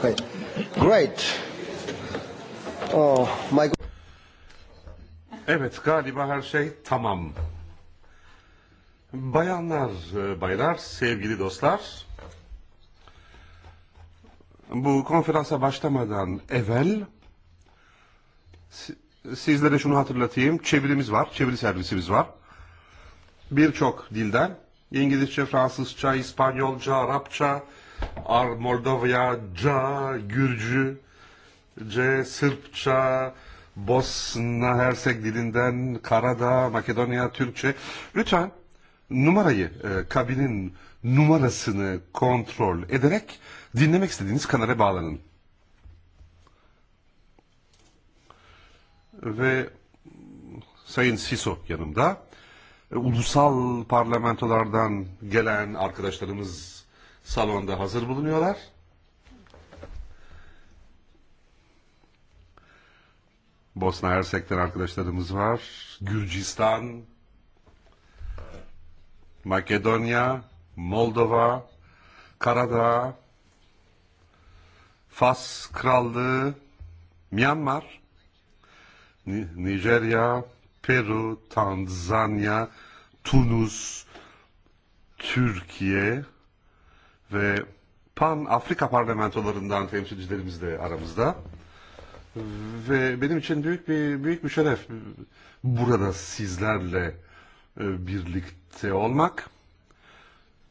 Great. Great. Oh, my evet galiba her şey tamam. Bayanlar, baylar, sevgili dostlar. Bu konferansa başlamadan evvel sizlere şunu hatırlatayım. Çevirimiz var, çeviri servisimiz var. Birçok dilden İngilizce, Fransızca, İspanyolca, Arapça, Ar Moldovya, Ca, Gürcü, C, Sırpça, Bosna, Hersek dilinden, Karada, Makedonya, Türkçe. Lütfen numarayı, e, kabinin numarasını kontrol ederek dinlemek istediğiniz kanala bağlanın. Ve Sayın Siso yanımda ulusal parlamentolardan gelen arkadaşlarımız salonda hazır bulunuyorlar. Bosna Hersek'ten arkadaşlarımız var. Gürcistan, Makedonya, Moldova, Karadağ, Fas Krallığı, Myanmar, Nijerya, Peru, Tanzanya, Tunus, Türkiye ve Pan Afrika parlamentolarından temsilcilerimiz de aramızda. Ve benim için büyük bir büyük bir şeref burada sizlerle e, birlikte olmak.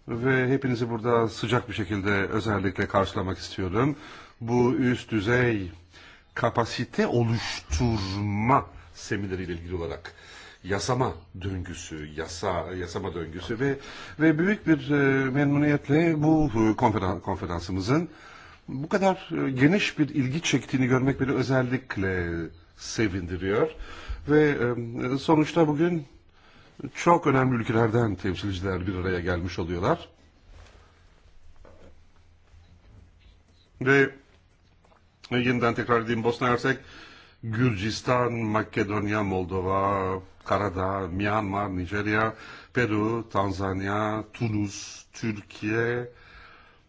Ve hepinizi burada sıcak bir şekilde özellikle karşılamak istiyorum. Bu üst düzey kapasite oluşturma semineriyle ilgili olarak yasama döngüsü, yasa yasama döngüsü ve ve büyük bir e, memnuniyetle bu e, konferan, konferansımızın bu kadar e, geniş bir ilgi çektiğini görmek beni özellikle sevindiriyor. Ve e, sonuçta bugün çok önemli ülkelerden temsilciler bir araya gelmiş oluyorlar. Ve e, yeniden tekrar edeyim Bosna Hersek Gürcistan, Makedonya, Moldova, Karadağ, Myanmar, Nijerya, Peru, Tanzanya, Tunus, Türkiye,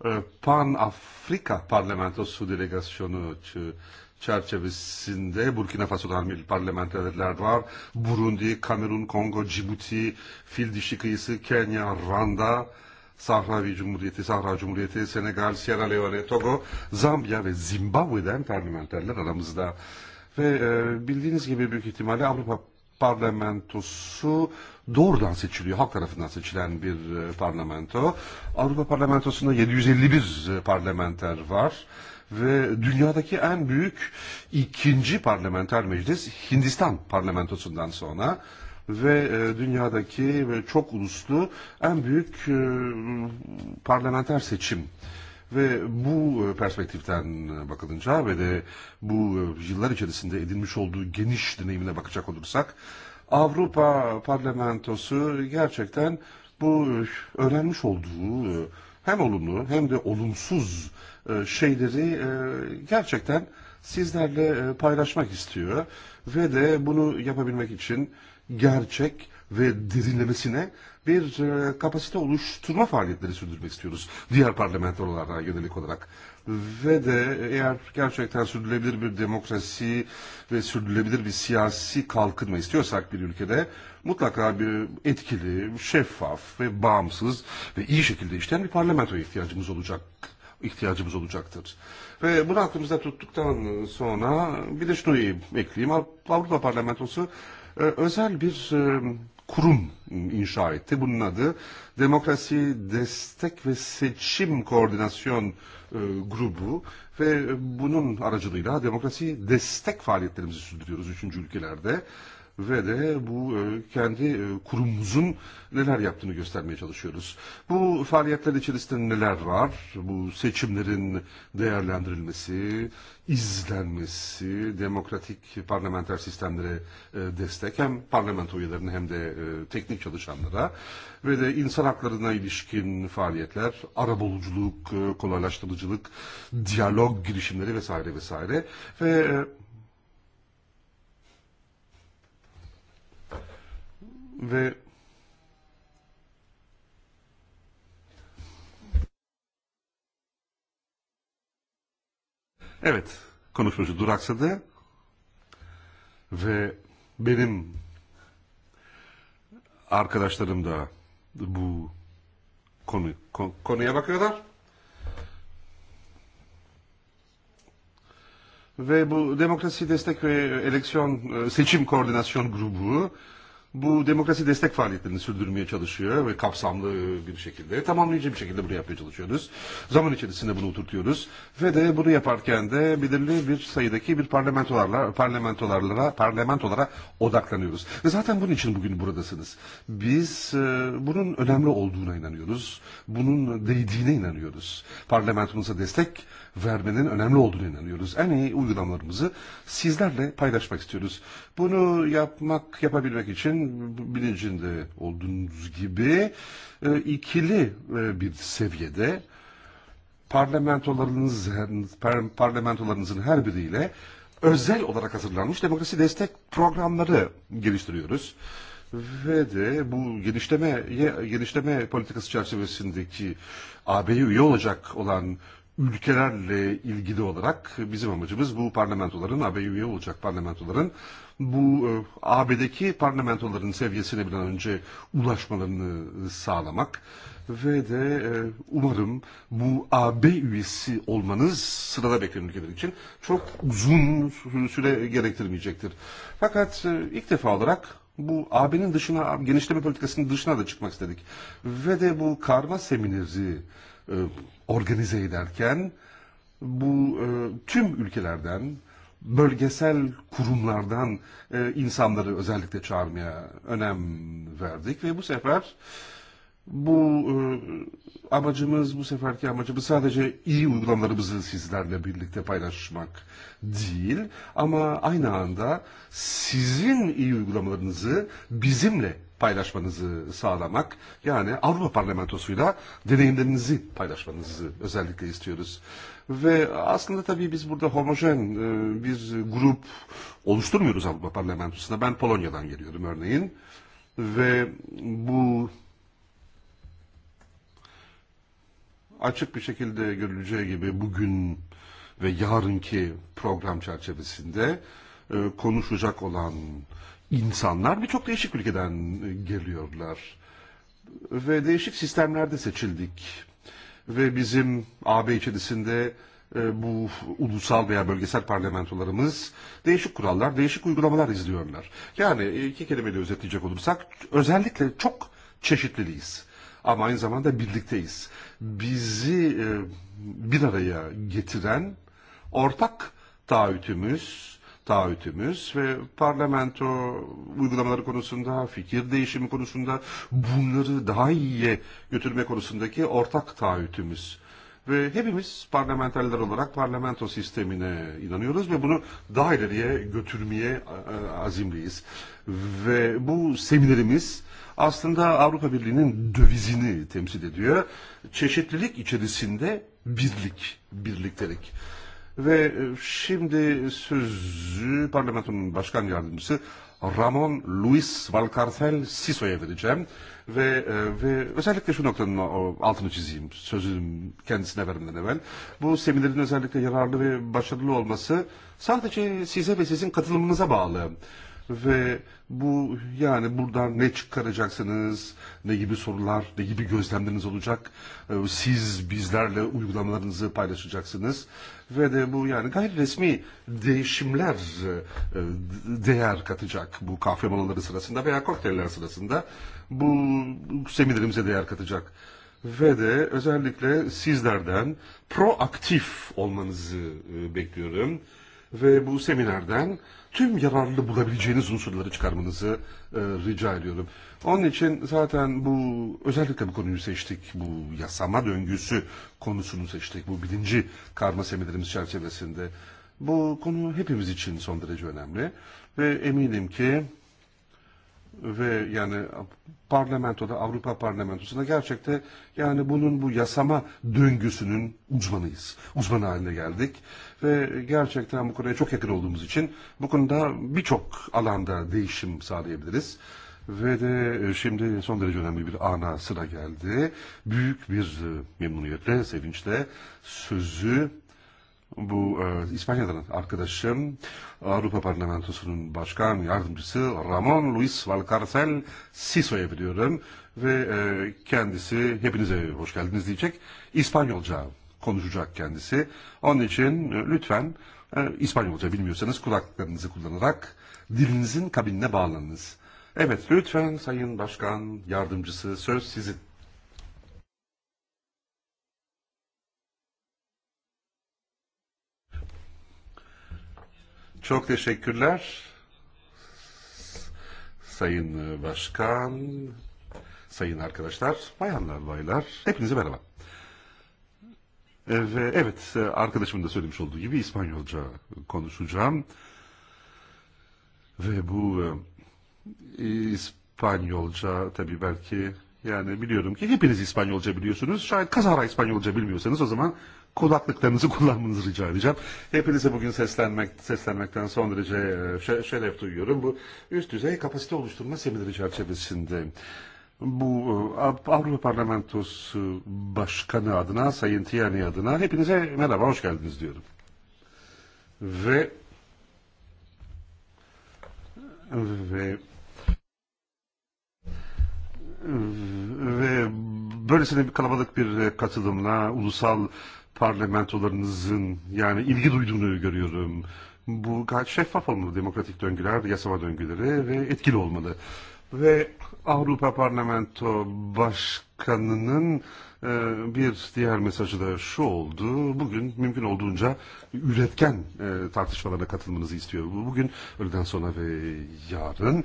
e, Pan Afrika Parlamentosu Delegasyonu çerçevesinde Burkina Faso'dan bir parlamenterler var. Burundi, Kamerun, Kongo, Cibuti, Fil Dişi Kıyısı, Kenya, Randa, Sahravi Cumhuriyeti, Sahra Cumhuriyeti, Senegal, Sierra Leone, Togo, Zambiya ve Zimbabwe'den parlamenterler aramızda ve e, bildiğiniz gibi büyük ihtimalle Avrupa Parlamentosu doğrudan seçiliyor. Halk tarafından seçilen bir e, parlamento. Avrupa Parlamentosu'nda 751 e, parlamenter var. Ve dünyadaki en büyük ikinci parlamenter meclis Hindistan parlamentosundan sonra ve dünyadaki ve çok uluslu en büyük parlamenter seçim. Ve bu e, perspektiften bakılınca ve de bu yıllar e, içerisinde edinmiş olduğu geniş deneyimine bakacak olursak Avrupa Parlamentosu gerçekten ja bu öğrenmiş e, olduğu hem olumlu hem de olumsuz şeyleri gerçekten sizlerle paylaşmak istiyor ve de bunu yapabilmek için gerçek ve derinlemesine bir e, kapasite oluşturma faaliyetleri sürdürmek istiyoruz. Diğer parlamentolara yönelik olarak. Ve de eğer gerçekten sürdürülebilir bir demokrasi ve sürdürülebilir bir siyasi kalkınma istiyorsak bir ülkede mutlaka bir etkili, şeffaf ve bağımsız ve iyi şekilde işleyen bir parlamento ihtiyacımız olacak ihtiyacımız olacaktır. Ve bunu aklımızda tuttuktan sonra bir de şunu ekleyeyim. Avrupa Parlamentosu e, özel bir e, kurum inşa etti. Bunun adı Demokrasi Destek ve Seçim Koordinasyon e, euh, Grubu ve bunun aracılığıyla demokrasi destek faaliyetlerimizi sürdürüyoruz üçüncü ülkelerde ve de bu e, kendi e, kurumumuzun neler yaptığını göstermeye çalışıyoruz. Bu faaliyetler içerisinde neler var? Bu seçimlerin değerlendirilmesi, izlenmesi, demokratik parlamenter sistemlere e, destek hem parlamento üyelerine hem de teknik çalışanlara ve de insan haklarına ilişkin faaliyetler, arabuluculuk, kolaylaştırıcılık, diyalog girişimleri vesaire vesaire ve ו... Evet, konuşmuşuz duraksadı. Ve benim arkadaşlarım da bu konu, konuya bakıyorlar. Ve bu demokrasi destek ve eleksiyon e, seçim koordinasyon grubu bu demokrasi destek faaliyetlerini sürdürmeye çalışıyor ve kapsamlı e, bir şekilde tamamlayıcı bir şekilde bunu yapmaya çalışıyoruz. Zaman içerisinde bunu oturtuyoruz ve de bunu yaparken de belirli bir sayıdaki bir parlamentolarla parlamentolarlara parlamentolara odaklanıyoruz. Ve zaten bunun için bugün buradasınız. Biz e, bunun önemli olduğuna inanıyoruz. Bunun değdiğine inanıyoruz. Parlamentomuza destek vermenin önemli olduğunu inanıyoruz. En iyi uygulamalarımızı sizlerle paylaşmak istiyoruz. Bunu yapmak, yapabilmek için bilincinde olduğunuz gibi e, ikili e, bir seviyede parlamentolarınız, parlamentolarınızın her biriyle özel olarak hazırlanmış demokrasi destek programları geliştiriyoruz. Ve de bu genişleme, genişleme politikası çerçevesindeki AB'ye üye olacak olan ülkelerle ilgili olarak bizim amacımız bu parlamentoların AB üye olacak parlamentoların bu e, AB'deki parlamentoların seviyesine bir an önce ulaşmalarını sağlamak ve de e, umarım bu AB üyesi olmanız sırada bekleyen ülkeler için çok uzun süre gerektirmeyecektir. Fakat e, ilk defa olarak bu AB'nin dışına genişleme politikasının dışına da çıkmak istedik ve de bu karma seminerzi E, organize ederken bu e, tüm ülkelerden bölgesel kurumlardan e, insanları özellikle çağırmaya önem verdik ve bu sefer bu e, amacımız bu seferki amacımız sadece iyi uygulamalarımızı sizlerle birlikte paylaşmak değil ama aynı anda sizin iyi uygulamalarınızı bizimle paylaşmanızı sağlamak yani Avrupa Parlamentosu'yla deneyimlerinizi paylaşmanızı özellikle istiyoruz. Ve aslında tabii biz burada homojen e, uh, bir grup oluşturmuyoruz Avrupa Parlamentosu'nda. Ben Polonya'dan geliyorum örneğin ve bu açık bir şekilde görüleceği gibi bugün ve yarınki program çerçevesinde e, konuşacak olan insanlar birçok değişik ülkeden e, geliyorlar. Ve değişik sistemlerde seçildik. Ve bizim AB içerisinde e, bu ulusal veya bölgesel parlamentolarımız değişik kurallar, değişik uygulamalar izliyorlar. Yani e, iki kelimeyle özetleyecek olursak özellikle çok çeşitliliyiz ama aynı zamanda birlikteyiz. Bizi e, bir araya getiren ortak taahhütümüz, taahhütümüz ve parlamento uygulamaları konusunda, fikir değişimi konusunda bunları daha iyiye götürme konusundaki e ortak taahhütümüz. Ve hepimiz parlamenterler olarak parlamento sistemine inanıyoruz ve bunu daha ileriye götürmeye azimliyiz. Ve bu seminerimiz e, aslında Avrupa Birliği'nin dövizini temsil ediyor. Çeşitlilik içerisinde birlik, birliktelik. Ve e, şimdi sözü parlamentonun başkan yardımcısı Ramon Luis Valcartel Siso'ya vereceğim. Ve, e, ve özellikle şu noktanın altını çizeyim sözünü kendisine vermeden evvel. Bu seminerin özellikle yararlı ve başarılı olması sadece size ve sizin katılımınıza bağlı ve bu yani buradan ne çıkaracaksınız, ne gibi sorular, ne gibi gözlemleriniz olacak, siz bizlerle uygulamalarınızı paylaşacaksınız ve de bu yani gayri resmi değişimler e, değer katacak bu kahve molaları sırasında veya kokteyller sırasında bu seminerimize değer katacak ve de özellikle sizlerden proaktif olmanızı e, bekliyorum ve bu seminerden tüm yararlı bulabileceğiniz unsurları çıkarmanızı e, rica ediyorum. Onun için zaten bu özellikle bu konuyu seçtik. Bu yasama döngüsü konusunu seçtik. Bu birinci karma semilerimiz çerçevesinde. Bu konu hepimiz için son derece önemli. Ve eminim ki ve yani parlamentoda Avrupa parlamentosunda gerçekte yani bunun bu yasama döngüsünün uzmanıyız. Uzman haline geldik ve gerçekten bu konuya çok yakın olduğumuz için bu konuda birçok alanda değişim sağlayabiliriz. Ve de e, şimdi son derece önemli bir ana sıra geldi. Büyük bir e, memnuniyetle, sevinçle sözü bu e, eh, İspanya'dan arkadaşım Avrupa eh, Parlamentosu'nun başkan yardımcısı Ramon Luis Valcarcel Siso'ya biliyorum e ve e, kendisi hepinize hoş geldiniz diyecek İspanyolca konuşacak kendisi onun için e, lütfen e, İspanyolca bilmiyorsanız kulaklarınızı kullanarak dilinizin kabinine bağlanınız evet lütfen sayın başkan yardımcısı söz sizin Çok teşekkürler. Sayın Başkan, sayın arkadaşlar, bayanlar, baylar, hepinize merhaba. Evet, evet, arkadaşımın da söylemiş olduğu gibi İspanyolca konuşacağım. Ve bu e, İspanyolca tabii belki yani biliyorum ki hepiniz İspanyolca biliyorsunuz. Şayet kazara İspanyolca bilmiyorsanız o zaman kulaklıklarınızı kullanmanızı rica edeceğim. Hepinize bugün seslenmek seslenmekten son derece şeref duyuyorum. Bu üst eh, düzey kapasite oluşturma semineri çerçevesinde bu Avrupa Parlamentosu eh, Başkanı adına, Sayın Tiani adına hepinize merhaba, hoş geldiniz diyorum. Ve ve ve böylesine bir kalabalık bir eh, katılımla ulusal parlamentolarınızın yani ilgi duyduğunu görüyorum. Bu gayet şeffaf olmalı demokratik döngüler, yasama döngüleri ve etkili olmalı. Ve Avrupa Parlamento Başkanı'nın e, bir diğer mesajı da şu oldu. Bugün mümkün olduğunca üretken e, tartışmalara katılmanızı istiyor. Bugün öğleden sonra ve yarın. Evet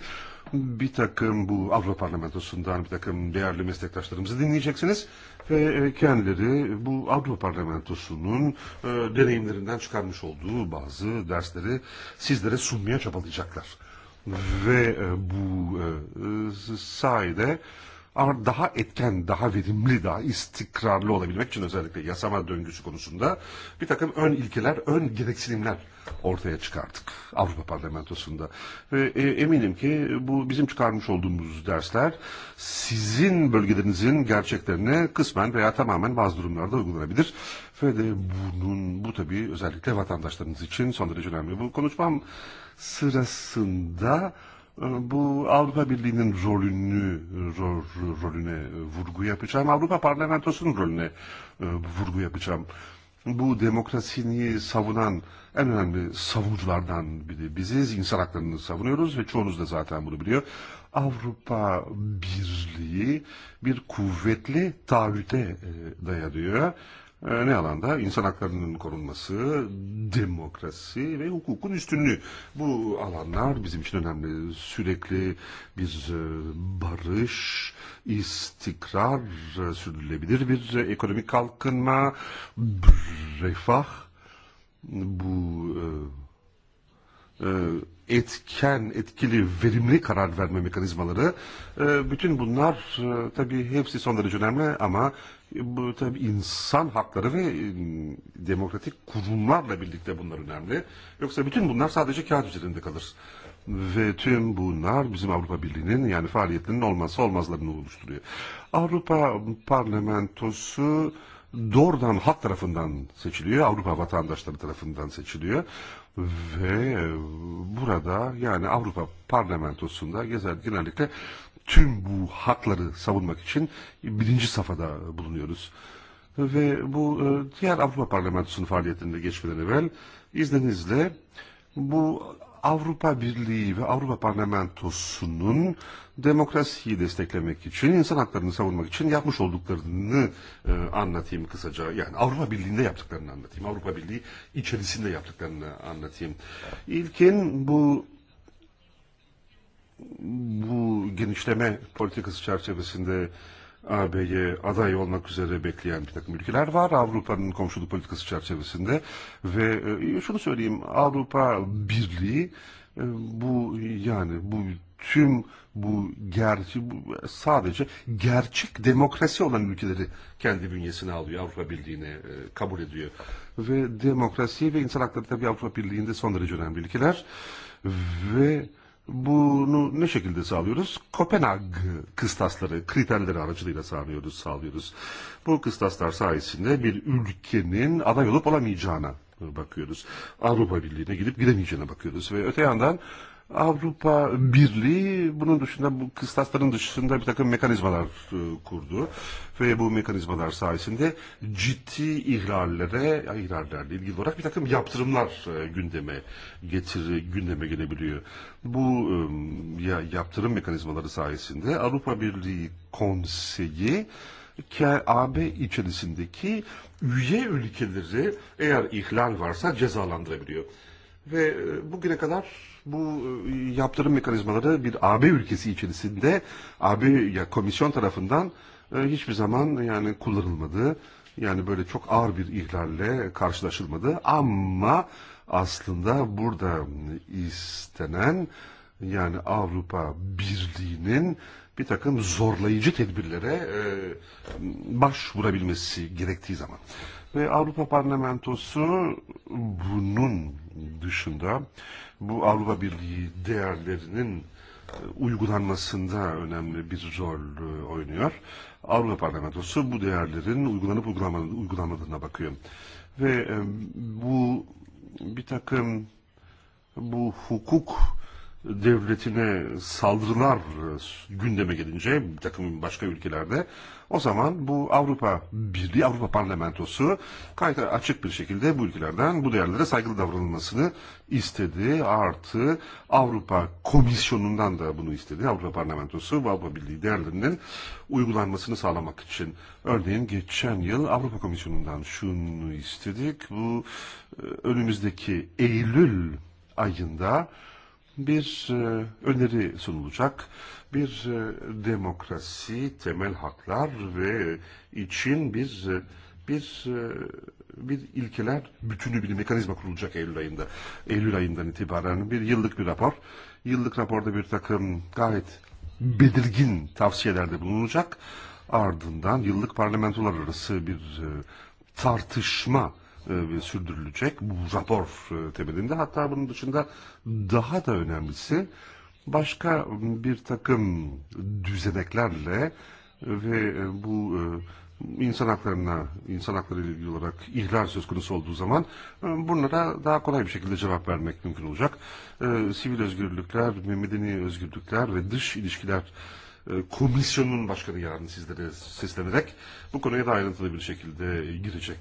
bir takım bu Avrupa Parlamentosu'ndan bir takım değerli meslektaşlarımızı dinleyeceksiniz. Ve kendileri bu Avrupa Parlamentosu'nun e, deneyimlerinden çıkarmış olduğu bazı dersleri sizlere sunmaya çabalayacaklar. Ve e, bu e, sayede e, ama daha etken, daha verimli, daha istikrarlı olabilmek için özellikle yasama döngüsü konusunda bir takım ön ilkeler, ön gereksinimler ortaya çıkarttık Avrupa Parlamentosu'nda. Ve e, eminim ki bu bizim çıkarmış olduğumuz dersler sizin bölgelerinizin gerçeklerine kısmen veya tamamen bazı durumlarda uygulanabilir. Ve de bunun, bu tabii özellikle vatandaşlarınız için son derece önemli. Bu konuşmam sırasında Eh, bu Avrupa Birliği'nin rolünü rol, rolüne eh, vurgu yapacağım. Avrupa Parlamentosu'nun rolüne eh, vurgu yapacağım. Bu demokrasini savunan en önemli savunuculardan biri biziz. İnsan haklarını savunuyoruz ve çoğunuz da zaten bunu biliyor. Avrupa Birliği bir kuvvetli taahhüte dayanıyor ne alanda? İnsan haklarının korunması, demokrasi ve hukukun üstünlüğü. Bu alanlar bizim için önemli. Sürekli bir e, barış, istikrar, e, sürdürülebilir bir e, ekonomik kalkınma, refah. Bu etken, etkili, verimli karar verme mekanizmaları. Bütün bunlar tabii hepsi son derece önemli ama bu tabii insan hakları ve e, demokratik kurumlarla birlikte bunlar önemli. Yoksa bütün bunlar sadece kağıt üzerinde kalır. Ve tüm bunlar bizim Avrupa Birliği'nin yani faaliyetlerinin olmazsa olmazlarını oluşturuyor. Avrupa parlamentosu doğrudan halk tarafından seçiliyor. Avrupa vatandaşları tarafından seçiliyor. Ve e, burada yani Avrupa parlamentosunda gezer genellikle tüm bu hakları savunmak için birinci safhada bulunuyoruz. Ve bu e, diğer Avrupa Parlamentosu'nun faaliyetinde geçmeden evvel izninizle bu Avrupa Birliği ve Avrupa Parlamentosu'nun demokrasiyi desteklemek için, insan haklarını savunmak için yapmış olduklarını e, anlatayım kısaca. Yani Avrupa Birliği'nde yaptıklarını anlatayım. Avrupa Birliği içerisinde yaptıklarını anlatayım. İlkin bu bu genişleme politikası çerçevesinde AB'ye ye aday olmak üzere bekleyen bir takım ülkeler var Avrupa'nın komşuluk politikası çerçevesinde ve e, şunu söyleyeyim Avrupa Birliği e, bu yani bu tüm bu gerçi bu, sadece gerçek demokrasi olan ülkeleri kendi bünyesine alıyor Avrupa Birliği'ne e, kabul ediyor ve demokrasi ve insan hakları tabii Avrupa Birliği'nde son derece önemli ülkeler ve e, bunu ne şekilde sağlıyoruz? Kopenhag kıstasları, kriterleri aracılığıyla sağlıyoruz, sağlıyoruz. Bu kıstaslar sayesinde bir ülkenin aday olup olamayacağına bakıyoruz. Avrupa Birliği'ne gidip gidemeyeceğine bakıyoruz. Ve öte yandan Avrupa Birliği bunun dışında bu kıstasların dışında bir takım mekanizmalar kurdu uh, ve bu mekanizmalar sayesinde ciddi ihlallere ihlallerle ilgili olarak bir takım yaptırımlar uh, gündeme getir gündeme gelebiliyor. Bu ya um, yaptırım mekanizmaları sayesinde Avrupa Birliği Konseyi AB içerisindeki üye ülkeleri eğer ihlal varsa cezalandırabiliyor. Ve e, bugüne kadar bu e, yaptırım mekanizmaları bir AB ülkesi içerisinde AB ya komisyon tarafından e, hiçbir zaman yani kullanılmadı. Yani böyle çok ağır bir ihlalle karşılaşılmadı. Ama aslında burada istenen yani Avrupa Birliği'nin bir takım zorlayıcı tedbirlere başvurabilmesi gerektiği zaman. Ve Avrupa Parlamentosu bunun dışında bu Avrupa Birliği değerlerinin e, uygulanmasında önemli bir rol e, oynuyor. Avrupa Parlamentosu bu değerlerin uygulanıp uygulanmadığına bakıyor. Ve e, bu bir takım bu hukuk devletine saldırılar gündeme gelince bir takım başka ülkelerde O zaman bu Avrupa Birliği, Avrupa Parlamentosu gayet açık bir şekilde bu ülkelerden bu değerlere saygılı davranılmasını istedi. Artı Avrupa Komisyonu'ndan da bunu istedi. Avrupa Parlamentosu ve Avrupa Birliği değerlerinin uygulanmasını sağlamak için. Örneğin geçen yıl Avrupa Komisyonu'ndan şunu istedik. Bu e, önümüzdeki Eylül ayında bir e, öneri sunulacak bir e, demokrasi, temel haklar ve için bir e, bir e, bir ilkeler bütünü bir mekanizma kurulacak Eylül ayında. Eylül ayından itibaren bir yıllık bir rapor. Yıllık raporda bir takım gayet belirgin tavsiyelerde bulunacak. Ardından yıllık parlamentolar arası bir tartışma sürdürülecek bu rapor temelinde. Hatta bunun dışında daha da önemlisi başka bir takım düzeneklerle ve bu insan haklarına, insan hakları ile ilgili olarak ihlal söz konusu olduğu zaman bunlara daha kolay bir şekilde cevap vermek mümkün olacak. Sivil özgürlükler, medeni özgürlükler ve dış ilişkiler komisyonun başkanı yarın sizlere seslenerek bu konuya da ayrıntılı bir şekilde girecek.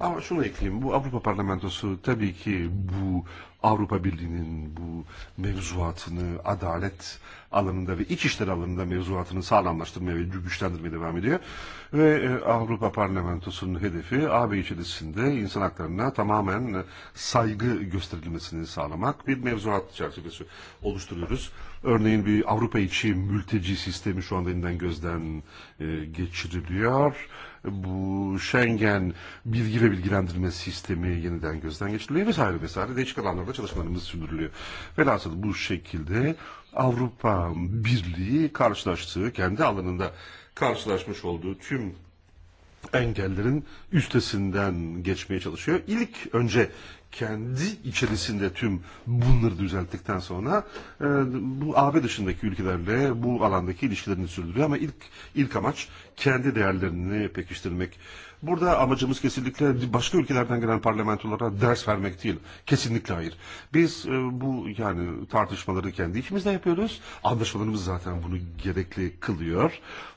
Ama şunu ekleyeyim. Bu Avrupa Parlamentosu tabii ki bu Avrupa Birliği'nin bu mevzuatını adalet alanında ve iç işler alanında mevzuatını sağlamlaştırmaya ve güçlendirmeye devam ediyor. Ve Avrupa Parlamentosu'nun hedefi AB içerisinde insan haklarına tamamen saygı gösterilmesini sağlamak bir mevzuat çerçevesi oluşturuyoruz. Örneğin bir Avrupa içi mülteci sistemi şu anda elinden gözden E, geçiriliyor. Bu Schengen bilgi ve bilgilendirme sistemi yeniden gözden geçiriliyor vesaire vesaire. Değişik alanlarda çalışmalarımız sürdürülüyor. Velhasıl bu şekilde Avrupa Birliği karşılaştığı, kendi alanında karşılaşmış olduğu tüm engellerin üstesinden geçmeye çalışıyor. İlk önce kendi içerisinde tüm bunları düzelttikten sonra e, bu AB dışındaki ülkelerle bu alandaki ilişkilerini sürdürüyor ama ilk ilk amaç kendi değerlerini pekiştirmek. Burada amacımız kesinlikle başka ülkelerden gelen parlamentolara ders vermek değil. Kesinlikle hayır. Biz e, bu yani tartışmaları kendi içimizde yapıyoruz. Anlaşmalarımız zaten bunu gerekli kılıyor.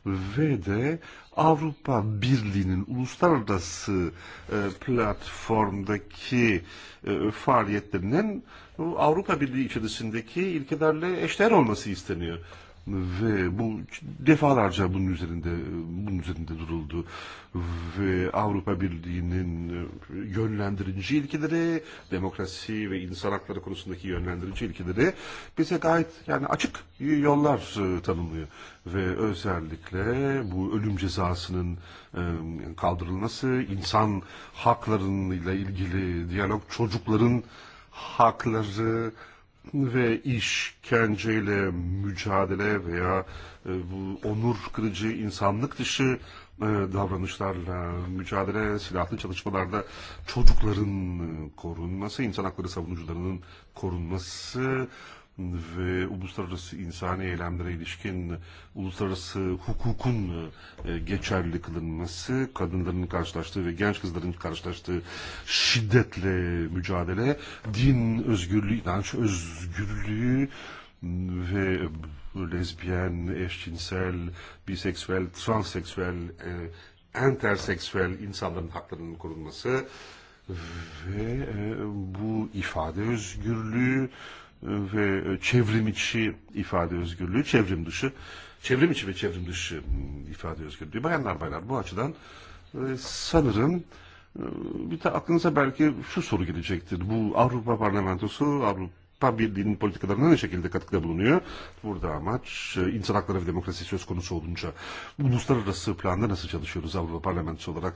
Ve de Avrupa Birliği'nin uluslararası e, platformdaki e, faaliyetlerinin Avrupa Birliği içerisindeki ilkelerle eşdeğer olması isteniyor ve bu defalarca bunun üzerinde bunun üzerinde duruldu ve Avrupa Birliği'nin e, yönlendirici ilkeleri demokrasi ve insan hakları konusundaki yönlendirici ilkeleri bize gayet yani açık yollar e, tanımlıyor ve özellikle bu ölüm cezasının e, kaldırılması insan haklarıyla ilgili diyalog çocukların hakları ve işkenceyle mücadele veya e, bu onur kırıcı insanlık dışı e, davranışlarla mücadele silahlı çalışmalarda çocukların e, korunması insan hakları savunucularının korunması ve uluslararası insan eylemleri ilişkin uluslararası hukukun e, geçerli kılınması, kadınların karşılaştığı ve genç kızların karşılaştığı şiddetle mücadele, din özgürlüğü, inanç özgürlüğü ve lezbiyen, eşcinsel, biseksüel, transseksüel, e, enterseksüel insanların haklarının korunması ve e, bu ifade özgürlüğü, ve çevrim içi ifade özgürlüğü, çevrim dışı, çevrim içi ve çevrim dışı ifade özgürlüğü. Bayanlar baylar bu açıdan sanırım bir de aklınıza belki şu soru gelecektir. Bu Avrupa Parlamentosu Avrupa Birliği'nin politikalarına ne şekilde katkıda bulunuyor? Burada amaç insan hakları ve demokrasi söz konusu olunca uluslararası planda nasıl çalışıyoruz Avrupa Parlamentosu olarak?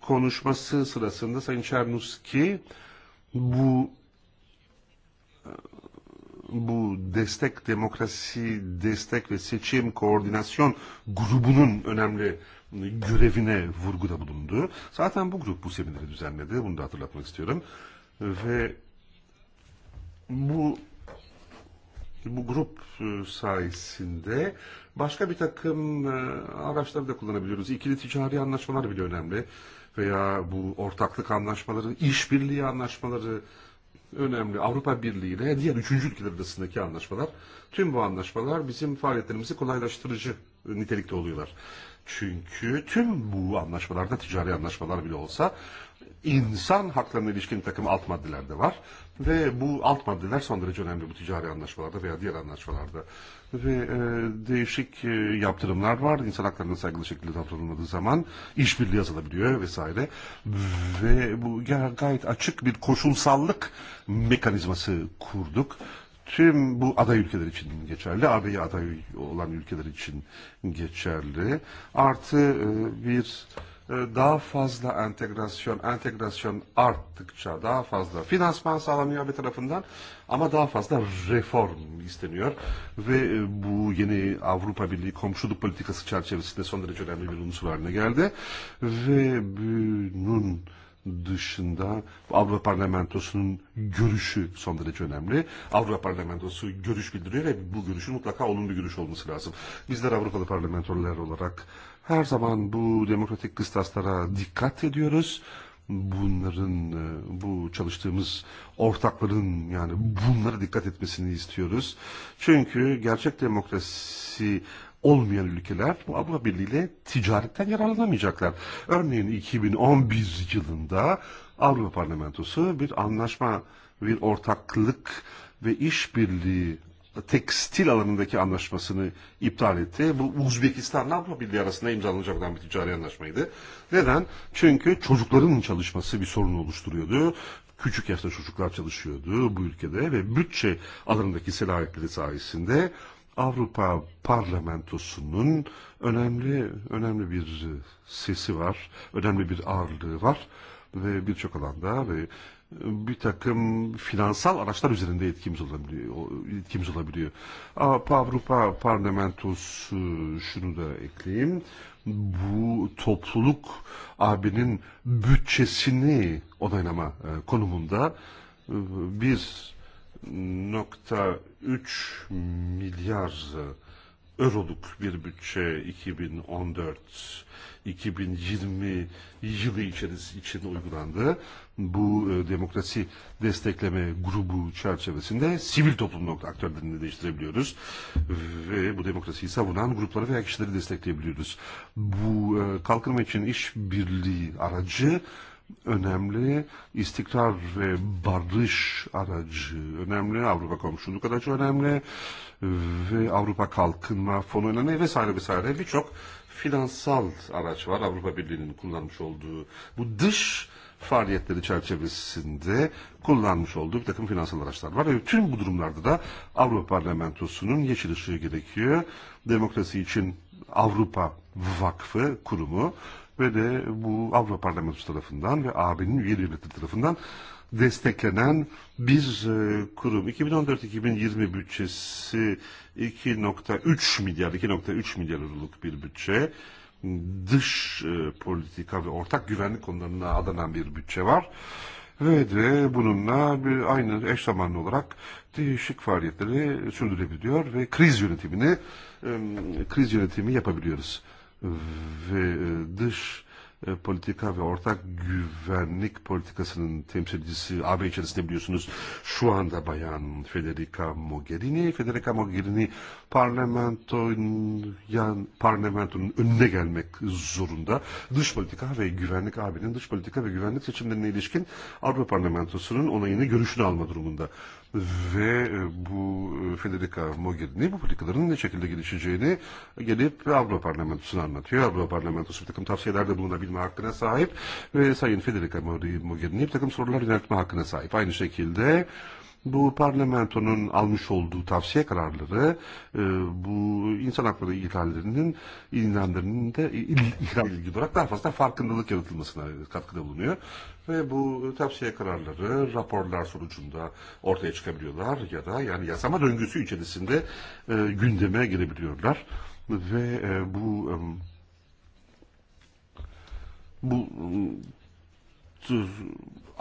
Konuşması sırasında Sayın Çernuski bu bu destek demokrasi destek ve seçim koordinasyon grubunun önemli görevine vurguda bulundu. Zaten bu grup bu semineri düzenledi. Bunu da hatırlatmak istiyorum. Ve bu bu grup e, sayesinde başka bir takım e, araçları da kullanabiliyoruz. İkili ticari anlaşmalar bile önemli. Veya bu ortaklık anlaşmaları, işbirliği anlaşmaları anlaşmaları önemli Avrupa Birliği ile diğer üçüncü ülkeler arasındaki anlaşmalar. Tüm bu anlaşmalar bizim faaliyetlerimizi kolaylaştırıcı nitelikte oluyorlar. Çünkü tüm bu anlaşmalarda ticari anlaşmalar bile olsa insan haklarına ilişkin takım alt maddelerde var. Ve bu alt maddeler son derece önemli bu ticari anlaşmalarda veya diğer anlaşmalarda. Ve e, değişik e, yaptırımlar var. İnsan haklarına saygılı şekilde davranılmadığı zaman işbirliği yazılabiliyor vesaire. Ve bu gayet açık bir koşulsallık mekanizması kurduk tüm bu aday ülkeler için geçerli, AB aday olan ülkeler için geçerli. Artı e, bir e, daha fazla entegrasyon, entegrasyon arttıkça daha fazla finansman sağlanıyor bir tarafından ama daha fazla reform isteniyor. Ve e, bu yeni Avrupa Birliği komşuluk politikası çerçevesinde son derece önemli bir unsur haline geldi. Ve bunun bu, dışında Avrupa Parlamentosu'nun görüşü son derece önemli. Avrupa Parlamentosu görüş bildiriyor ve bu görüşün mutlaka olumlu görüş olması lazım. Bizler Avrupalı parlamentolar olarak her zaman bu demokratik kıstaslara dikkat ediyoruz. Bunların, e, bu çalıştığımız ortakların yani bunlara dikkat etmesini istiyoruz. Çünkü gerçek demokrasi olmayan ülkeler bu Avrupa Birliği ile ticaretten yararlanamayacaklar. Örneğin 2011 yılında Avrupa Parlamentosu bir anlaşma, bir ortaklık ve işbirliği tekstil alanındaki anlaşmasını iptal etti. Bu Uzbekistan Avrupa Birliği arasında imzalanacak olan bir ticari anlaşmaydı. Neden? Çünkü çocukların çalışması bir sorun oluşturuyordu. Küçük yaşta çocuklar çalışıyordu bu ülkede ve bütçe alanındaki selahiyetleri sayesinde Avrupa Parlamentosu'nun önemli önemli bir sesi var, önemli bir ağırlığı var ve birçok alanda ve bir takım finansal araçlar üzerinde etkimiz olabiliyor. Etkimiz olabiliyor. Avrupa Parlamentosu şunu da ekleyeyim. Bu topluluk abinin bütçesini onaylama e, konumunda e, bir %1.3 milyar euroluk bir bütçe 2014-2020 yılı için uygulandı. Bu e, demokrasi destekleme grubu çerçevesinde sivil toplum nokta aktörlerini değiştirebiliyoruz. Ve bu demokrasiyi savunan grupları veya kişileri destekleyebiliyoruz. Bu e, kalkınma için işbirliği aracı önemli istikrar ve barış aracı önemli Avrupa komşuluk aracı önemli ve Avrupa kalkınma fonu önemli vesaire vesaire birçok finansal araç var Avrupa Birliği'nin kullanmış olduğu bu dış faaliyetleri çerçevesinde kullanmış olduğu bir takım finansal araçlar var. Ve tüm bu durumlarda da Avrupa Parlamentosu'nun yeşil ışığı gerekiyor. Demokrasi için Avrupa Vakfı kurumu ve de bu Avrupa Parlamentosu tarafından ve AB'nin üye devletleri tarafından desteklenen bir e, kurum. 2014-2020 bütçesi 2.3 milyar 2.3 milyar euroluk bir bütçe. Dış e, politika ve ortak güvenlik konularına adanan bir bütçe var. Ve de bununla bir aynı eş zamanlı olarak değişik faaliyetleri sürdürebiliyor ve kriz yönetimini e, kriz yönetimi yapabiliyoruz ve, dış eh, politika ve ortak güvenlik politikasının temsilcisi AB içerisinde biliyorsunuz şu anda bayan Federica Mogherini. Federica Mogherini parlamentonun, yan, parlamentonun önüne gelmek zorunda. Dış politika ve güvenlik AB'nin dış politika ve güvenlik seçimlerine ilişkin Avrupa parlamentosunun onayını görüşünü alma durumunda. Ve bu Federica Mogherini bu politikaların ne şekilde gelişeceğini gelip Avrupa Parlamentosu'na anlatıyor. Avrupa Parlamentosu bir takım tavsiyelerde bulunabilme hakkına sahip ve Sayın Federica Mogherini bir takım sorular yöneltme hakkına sahip. Aynı şekilde bu parlamentonun almış olduğu tavsiye kararları e, bu insan hakları ihlallerinin ilanlarının da il, ihlal ilgili olarak daha fazla farkındalık yaratılmasına katkıda bulunuyor ve bu tavsiye kararları raporlar sonucunda ortaya çıkabiliyorlar ya da yani yasama döngüsü içerisinde e, gündeme girebiliyorlar ve e, bu e, bu e,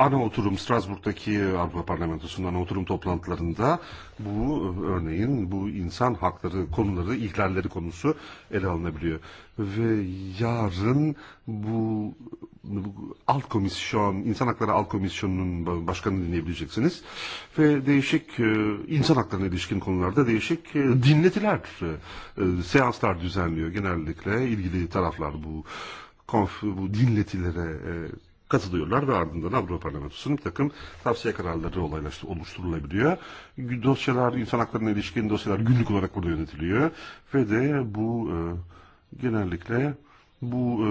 ana oturum Strasbourg'daki Avrupa Parlamentosu'ndan oturum toplantılarında bu örneğin bu insan hakları konuları, ihlalleri konusu ele alınabiliyor. Ve yarın bu, bu alt komisyon, insan hakları alt komisyonunun başkanını dinleyebileceksiniz. Ve değişik insan haklarına ilişkin konularda değişik dinletiler, э, seanslar э, düzenliyor genellikle ilgili taraflar bu. Konf, bu dinletilere э, katılıyorlar ve ardından Avrupa Parlamentosu'nun bir takım tavsiye kararları olaylaştı, oluşturulabiliyor. Dosyalar, insan haklarına ilişkin dosyalar günlük olarak burada yönetiliyor. Ve de bu e, genellikle bu e,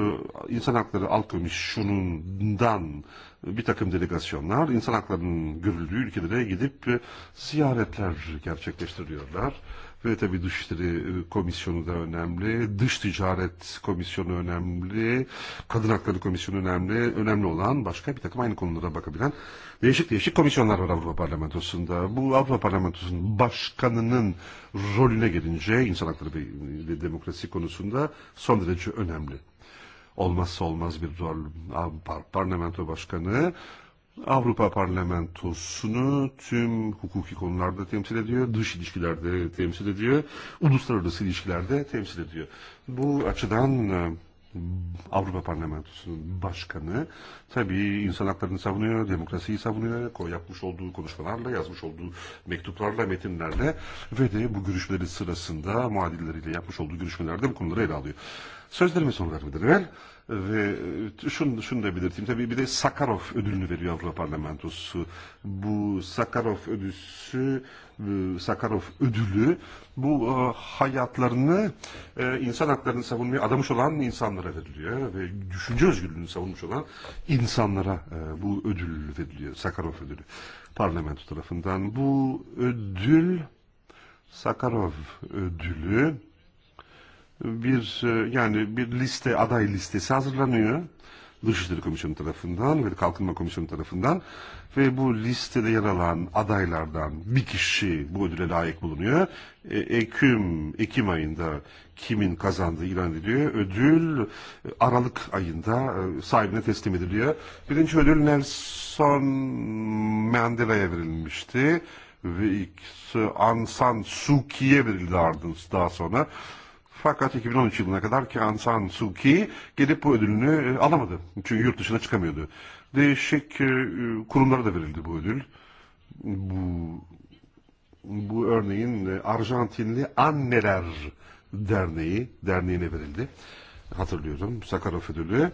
insan hakları alt komisyonundan bir takım delegasyonlar insan haklarının görüldüğü ülkelere gidip e, ziyaretler gerçekleştiriyorlar. Evet ve tabi dışişleri komisyonu da önemli, dış ticaret komisyonu önemli, kadın hakları komisyonu önemli, önemli olan başka bir takım aynı konulara bakabilen değişik değişik komisyonlar var Avrupa Parlamentosu'nda. Bu Avrupa Parlamentosu'nun başkanının rolüne gelince insan hakları ve demokrasi konusunda son derece önemli. Olmazsa olmaz bir rol parlamento başkanı. Avrupa Parlamentosunu tüm hukuki konularda temsil ediyor, dış ilişkilerde temsil ediyor, uluslararası ilişkilerde temsil ediyor. Bu açıdan e, Avrupa Parlamentosunun başkanı tabii insan haklarını savunuyor, demokrasiyi savunuyor, o yapmış olduğu konuşmalarla, yazmış olduğu mektuplarla, metinlerle ve de bu görüşmeleri sırasında muadilleriyle yapmış olduğu görüşmelerde bu konuları ele alıyor. Sözlerime son vermedim. Evet. Ve şunu, şunu da belirteyim. Tabii bir de Sakarov ödülünü veriyor Avrupa Parlamentosu. Bu Sakarov ödülü, Sakarov ödülü bu e, hayatlarını, e, insan haklarını savunmaya adamış olan insanlara veriliyor. Ve düşünce özgürlüğünü savunmuş olan insanlara e, bu ödül veriliyor. Sakarov ödülü parlamento tarafından. Bu ödül, Sakarov ödülü bir e, yani bir liste aday listesi hazırlanıyor. Dışişleri Komisyonu tarafından ve Kalkınma Komisyonu tarafından ve bu listede yer alan adaylardan bir kişi bu ödüle layık bulunuyor. E, Ekim Ekim ayında kimin kazandığı ilan ediliyor. Ödül e, Aralık ayında e, sahibine teslim ediliyor. Birinci ödül Nelson Mandela'ya verilmişti ve Ansan Suki'ye verildi ardından daha sonra. Fakat 2013 yılına kadar ki An San Suu Kyi GDPO ödülünü e, alamadı. Çünkü yurt dışına çıkamıyordu. Değişik e, kurumlara da verildi bu ödül. Bu, bu örneğin e, Arjantinli Anneler Derneği derneğine verildi. Hatırlıyorum Sakarov ödülü.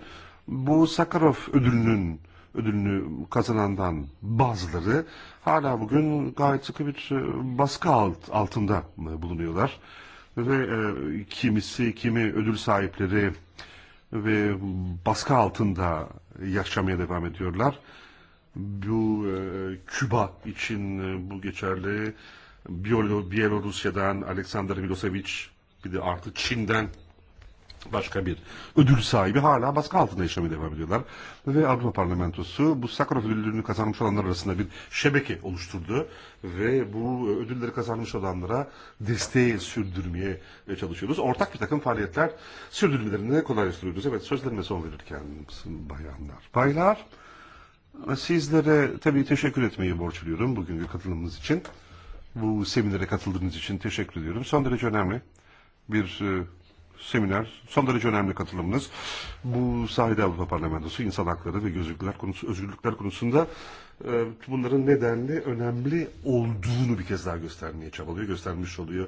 Bu Sakarov ödülünün ödülünü kazanandan bazıları hala bugün gayet sıkı bir baskı alt, altında bulunuyorlar ve e, kimisi kimi ödül sahipleri ve baskı altında yaşamaya devam ediyorlar. Bu e, Küba için e, bu geçerli. Biyolo, Biyolo Rusya'dan Aleksandr Milosevic bir de artı Çin'den başka bir ödül sahibi hala baskı altında yaşamaya devam ediyorlar. Ve Avrupa Parlamentosu bu Sakharov ödüllerini kazanmış olanlar arasında bir şebeke oluşturdu. Ve bu ödülleri kazanmış olanlara desteği sürdürmeye çalışıyoruz. Ortak bir takım faaliyetler sürdürmelerini kolaylaştırıyoruz. Evet sözlerime son verirken bayanlar. Baylar sizlere tabii teşekkür etmeyi borçluyorum bugünkü katılımınız için. Bu seminere katıldığınız için teşekkür ediyorum. Son derece önemli bir seminer, son derece önemli katılımınız. Bu sahide Avrupa Parlamentosu insan hakları ve özgürlükler konusu, özgürlükler konusunda e, bunların nedenli önemli olduğunu bir kez daha göstermeye çabalıyor, göstermiş oluyor.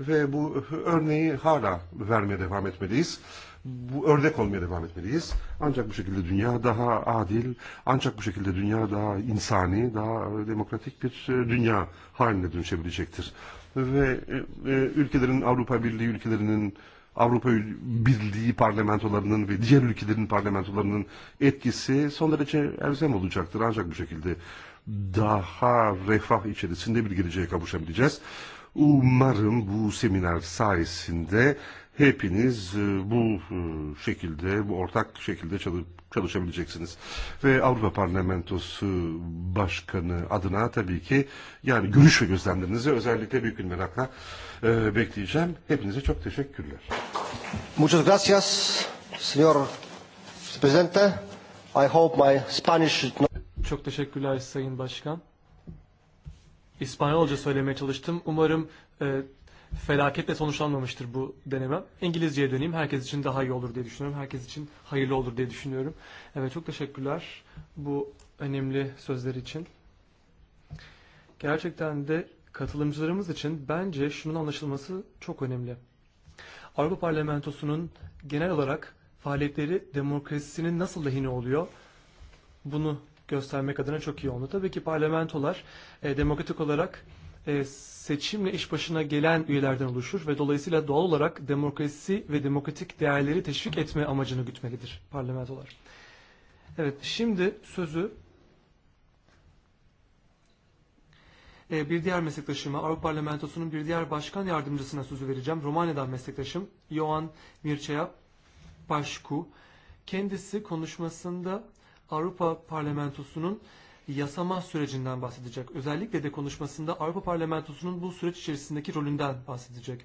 Ve bu örneği hala vermeye devam etmeliyiz. Bu örnek olmaya devam etmeliyiz. Ancak bu şekilde dünya daha adil, ancak bu şekilde dünya daha insani, daha demokratik bir e, dünya haline dönüşebilecektir. Ve e, e ülkelerin, Avrupa Birliği ülkelerinin Avrupa Birliği parlamentolarının ve diğer ülkelerin parlamentolarının etkisi son derece elzem olacaktır. Ancak bu şekilde daha refah içerisinde bir geleceğe kavuşabileceğiz. Umarım bu seminer sayesinde hepiniz e, bu e, şekilde, bu ortak şekilde çalışabileceksiniz. Ve Avrupa Parlamentosu Başkanı adına tabii ki yani görüş ve gözlemlerinizi özellikle büyük bir merakla e, bekleyeceğim. Hepinize çok teşekkürler. Muchas gracias, señor presidente. I hope my Spanish Çok teşekkürler Sayın Başkan. İspanyolca söylemeye çalıştım. Umarım e, felaketle sonuçlanmamıştır bu denemem. İngilizceye döneyim. Herkes için daha iyi olur diye düşünüyorum. Herkes için hayırlı olur diye düşünüyorum. Evet çok teşekkürler bu önemli sözler için. Gerçekten de katılımcılarımız için bence şunun anlaşılması çok önemli. Avrupa Parlamentosu'nun genel olarak faaliyetleri demokrasisinin nasıl lehine oluyor bunu göstermek adına çok iyi oldu. Tabii ki parlamentolar e, demokratik olarak E, seçimle iş başına gelen üyelerden oluşur ve dolayısıyla doğal olarak demokrasi ve demokratik değerleri teşvik etme amacını gütmelidir parlamentolar. Evet şimdi sözü e, bir diğer meslektaşıma Avrupa Parlamentosu'nun bir diğer başkan yardımcısına sözü vereceğim. Romanya'dan meslektaşım Ioan Mircea Pașcu. Kendisi konuşmasında Avrupa Parlamentosu'nun yasama sürecinden bahsedecek. Özellikle de konuşmasında Avrupa Parlamentosu'nun bu süreç içerisindeki rolünden bahsedecek.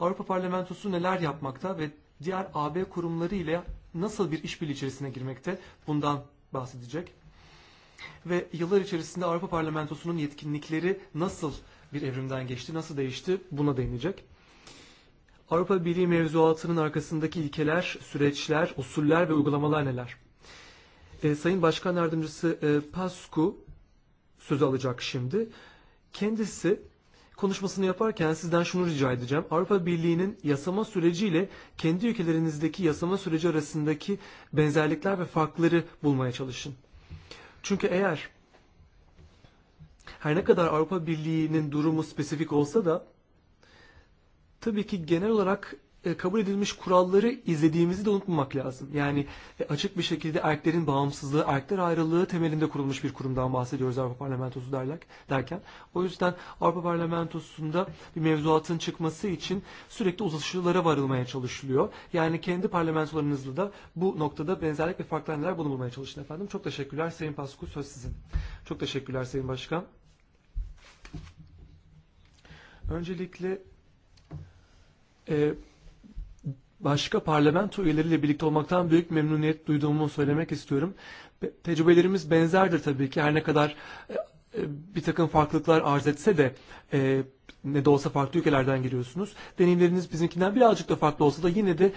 Avrupa Parlamentosu neler yapmakta ve diğer AB kurumları ile nasıl bir işbirliği içerisine girmekte bundan bahsedecek. Ve yıllar içerisinde Avrupa Parlamentosu'nun yetkinlikleri nasıl bir evrimden geçti, nasıl değişti buna değinecek. Avrupa Birliği mevzuatının arkasındaki ilkeler, süreçler, usuller ve uygulamalar neler? E, Sayın Başkan Yardımcısı e, Pasku söz alacak şimdi. Kendisi konuşmasını yaparken sizden şunu rica edeceğim. Avrupa Birliği'nin yasama süreciyle kendi ülkelerinizdeki yasama süreci arasındaki benzerlikler ve farkları bulmaya çalışın. Çünkü eğer her ne kadar Avrupa Birliği'nin durumu spesifik olsa da tabii ki genel olarak E, kabul edilmiş kuralları izlediğimizi de unutmamak lazım. Yani e, açık bir şekilde erklerin bağımsızlığı, erkler ayrılığı temelinde kurulmuş bir kurumdan bahsediyoruz Avrupa Parlamentosu derler, derken. O yüzden Avrupa Parlamentosu'nda bir mevzuatın çıkması için sürekli uzatışlılara varılmaya çalışılıyor. Yani kendi parlamentolarınızla da bu noktada benzerlik ve farklar neler bunu bulmaya çalışın efendim. Çok teşekkürler Sayın Pasku söz sizin. Çok teşekkürler Sayın Başkan. Öncelikle e, başka parlamento üyeleriyle birlikte olmaktan büyük memnuniyet duyduğumu söylemek istiyorum. Tecrübelerimiz benzerdir tabii ki. Her ne kadar e, e, bir takım farklılıklar arz etse de e, ne de olsa farklı ülkelerden geliyorsunuz. Deneyimleriniz bizimkinden birazcık da farklı olsa da yine de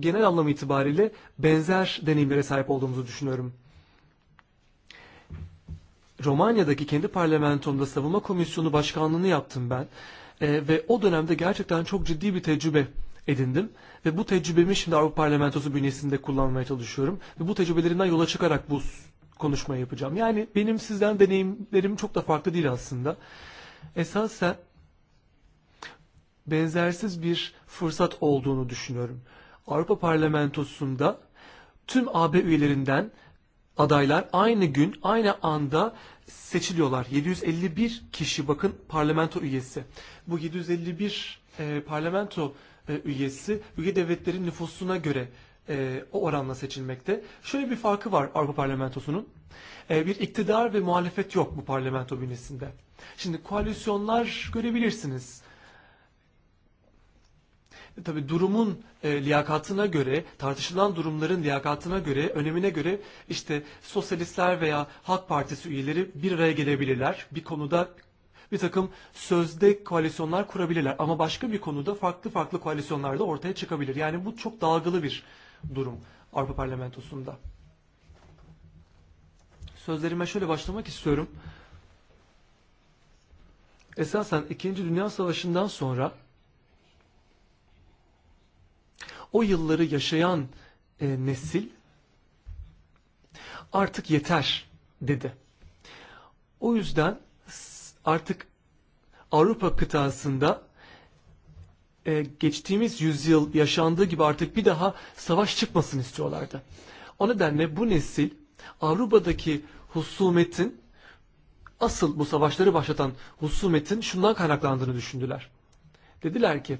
genel anlam itibariyle benzer deneyimlere sahip olduğumuzu düşünüyorum. Romanya'daki kendi parlamentomda savunma komisyonu başkanlığını yaptım ben e, ve o dönemde gerçekten çok ciddi bir tecrübe edindim ve bu tecrübemi şimdi Avrupa Parlamentosu bünyesinde kullanmaya çalışıyorum ve bu tecrübelerinden yola çıkarak bu konuşma yapacağım. Yani benim sizden deneyimlerim çok da farklı değil aslında. Esasen benzersiz bir fırsat olduğunu düşünüyorum. Avrupa Parlamentosu'nda tüm AB üyelerinden adaylar aynı gün aynı anda seçiliyorlar. 751 kişi bakın parlamento üyesi. Bu 751 e, parlamento e, üyesi üye devletlerin nüfusuna göre e, o oranla seçilmekte. Şöyle bir farkı var Avrupa Parlamentosu'nun. E, bir iktidar ve muhalefet yok bu parlamento bünyesinde. Şimdi koalisyonlar görebilirsiniz. E, tabii durumun e, liyakatına göre, tartışılan durumların liyakatına göre, önemine göre işte sosyalistler veya Halk Partisi üyeleri bir araya gelebilirler. Bir konuda bir takım sözde koalisyonlar kurabilirler ama başka bir konuda farklı farklı koalisyonlar da ortaya çıkabilir. Yani bu çok dalgalı bir durum Avrupa Parlamentosu'nda. Sözlerime şöyle başlamak istiyorum. Esasen 2. Dünya Savaşı'ndan sonra o yılları yaşayan e, nesil artık yeter dedi. O yüzden artık Avrupa kıtasında e, geçtiğimiz yüzyıl yaşandığı gibi artık bir daha savaş çıkmasın istiyorlardı. O nedenle bu nesil Avrupa'daki husumetin asıl bu savaşları başlatan husumetin şundan kaynaklandığını düşündüler. Dediler ki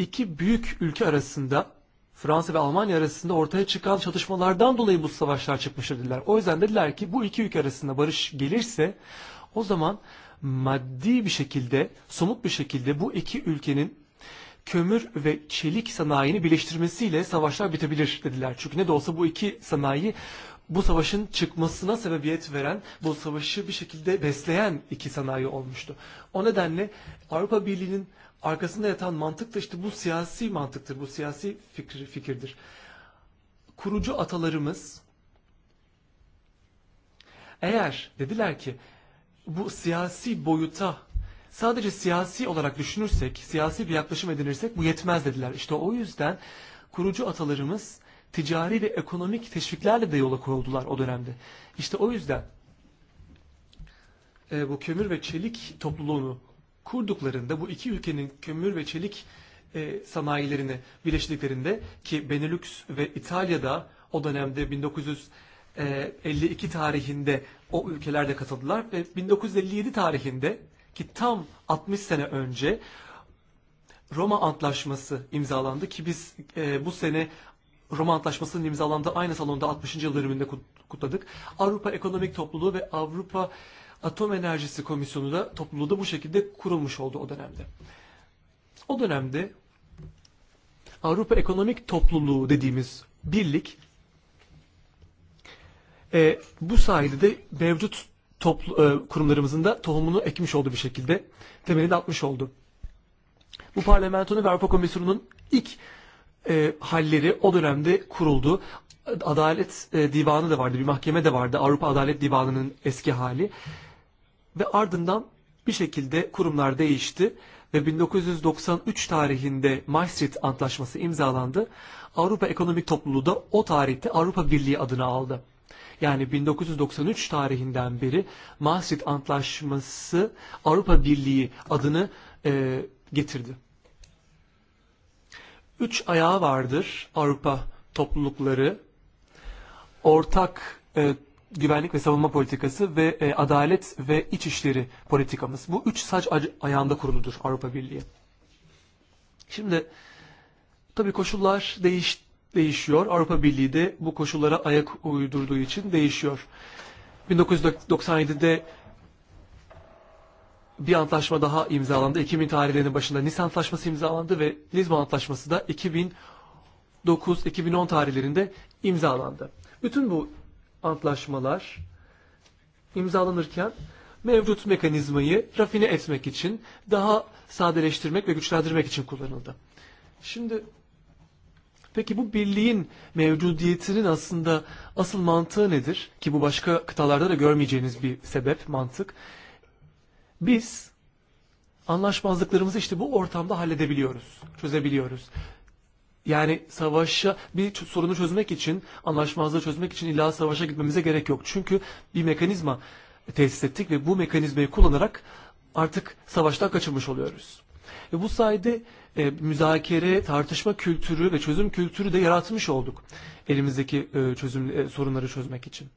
iki büyük ülke arasında Fransa ve Almanya arasında ortaya çıkan çatışmalardan dolayı bu savaşlar çıkmış dediler. O yüzden dediler ki bu iki ülke arasında barış gelirse o zaman maddi bir şekilde, somut bir şekilde bu iki ülkenin kömür ve çelik sanayini birleştirmesiyle savaşlar bitebilir dediler. Çünkü ne de olsa bu iki sanayi bu savaşın çıkmasına sebebiyet veren, bu savaşı bir şekilde besleyen iki sanayi olmuştu. O nedenle Avrupa Birliği'nin arkasında yatan mantık da işte bu siyasi mantıktır, bu siyasi fikri, fikirdir. Kurucu atalarımız eğer dediler ki bu siyasi boyuta sadece siyasi olarak düşünürsek, siyasi bir yaklaşım edinirsek bu yetmez dediler. İşte o yüzden kurucu atalarımız ticari ve ekonomik teşviklerle de yola koyuldular o dönemde. İşte o yüzden e, bu kömür ve çelik topluluğunu kurduklarında bu iki ülkenin kömür ve çelik e, sanayilerini birleştirdiklerinde ki Benelux ve İtalya'da o dönemde 1952 tarihinde o ülkelerde katıldılar ve 1957 tarihinde ki tam 60 sene önce Roma Antlaşması imzalandı ki biz e, bu sene Roma Antlaşması'nın imzalandığı aynı salonda 60. yıl dönümünde kutladık. Avrupa Ekonomik Topluluğu ve Avrupa Atom Enerjisi Komisyonu da topluluğu da bu şekilde kurulmuş oldu o dönemde. O dönemde Avrupa Ekonomik Topluluğu dediğimiz birlik e, bu sayede de mevcut toplu, e, kurumlarımızın da tohumunu ekmiş oldu bir şekilde. Temelini atmış oldu. Bu parlamentonun ve Avrupa Komisyonu'nun ilk e, halleri o dönemde kuruldu. Adalet e, Divanı da vardı, bir mahkeme de vardı. Avrupa Adalet Divanı'nın eski hali ve ardından bir şekilde kurumlar değişti ve 1993 tarihinde Maastricht Antlaşması imzalandı. Avrupa Ekonomik Topluluğu da o tarihte Avrupa Birliği adını aldı. Yani 1993 tarihinden beri Maastricht Antlaşması Avrupa Birliği adını e, getirdi. Üç ayağı vardır Avrupa toplulukları. Ortak e, güvenlik ve savunma politikası ve e, adalet ve iç işleri politikamız. Bu üç saç ayağında kuruludur Avrupa Birliği. Şimdi tabii koşullar değiş değişiyor. Avrupa Birliği de bu koşullara ayak uydurduğu için değişiyor. 1997'de bir antlaşma daha imzalandı. 2000 tarihlerinin başında Nisan Antlaşması imzalandı ve Lisbon Antlaşması da 2009-2010 tarihlerinde imzalandı. Bütün bu antlaşmalar imzalanırken mevcut mekanizmayı rafine etmek için daha sadeleştirmek ve güçlendirmek için kullanıldı. Şimdi peki bu birliğin mevcudiyetinin aslında asıl mantığı nedir? Ki bu başka kıtalarda da görmeyeceğiniz bir sebep, mantık. Biz anlaşmazlıklarımızı işte bu ortamda halledebiliyoruz, çözebiliyoruz. Yani savaşa bir sorunu çözmek için, anlaşmazlığı çözmek için illa savaşa gitmemize gerek yok. Çünkü bir mekanizma tesis ettik ve bu mekanizmayı kullanarak artık savaştan kaçınmış oluyoruz. Ve bu sayede e, müzakere, tartışma kültürü ve çözüm kültürü de yaratmış olduk elimizdeki e, çözüm e, sorunları çözmek için.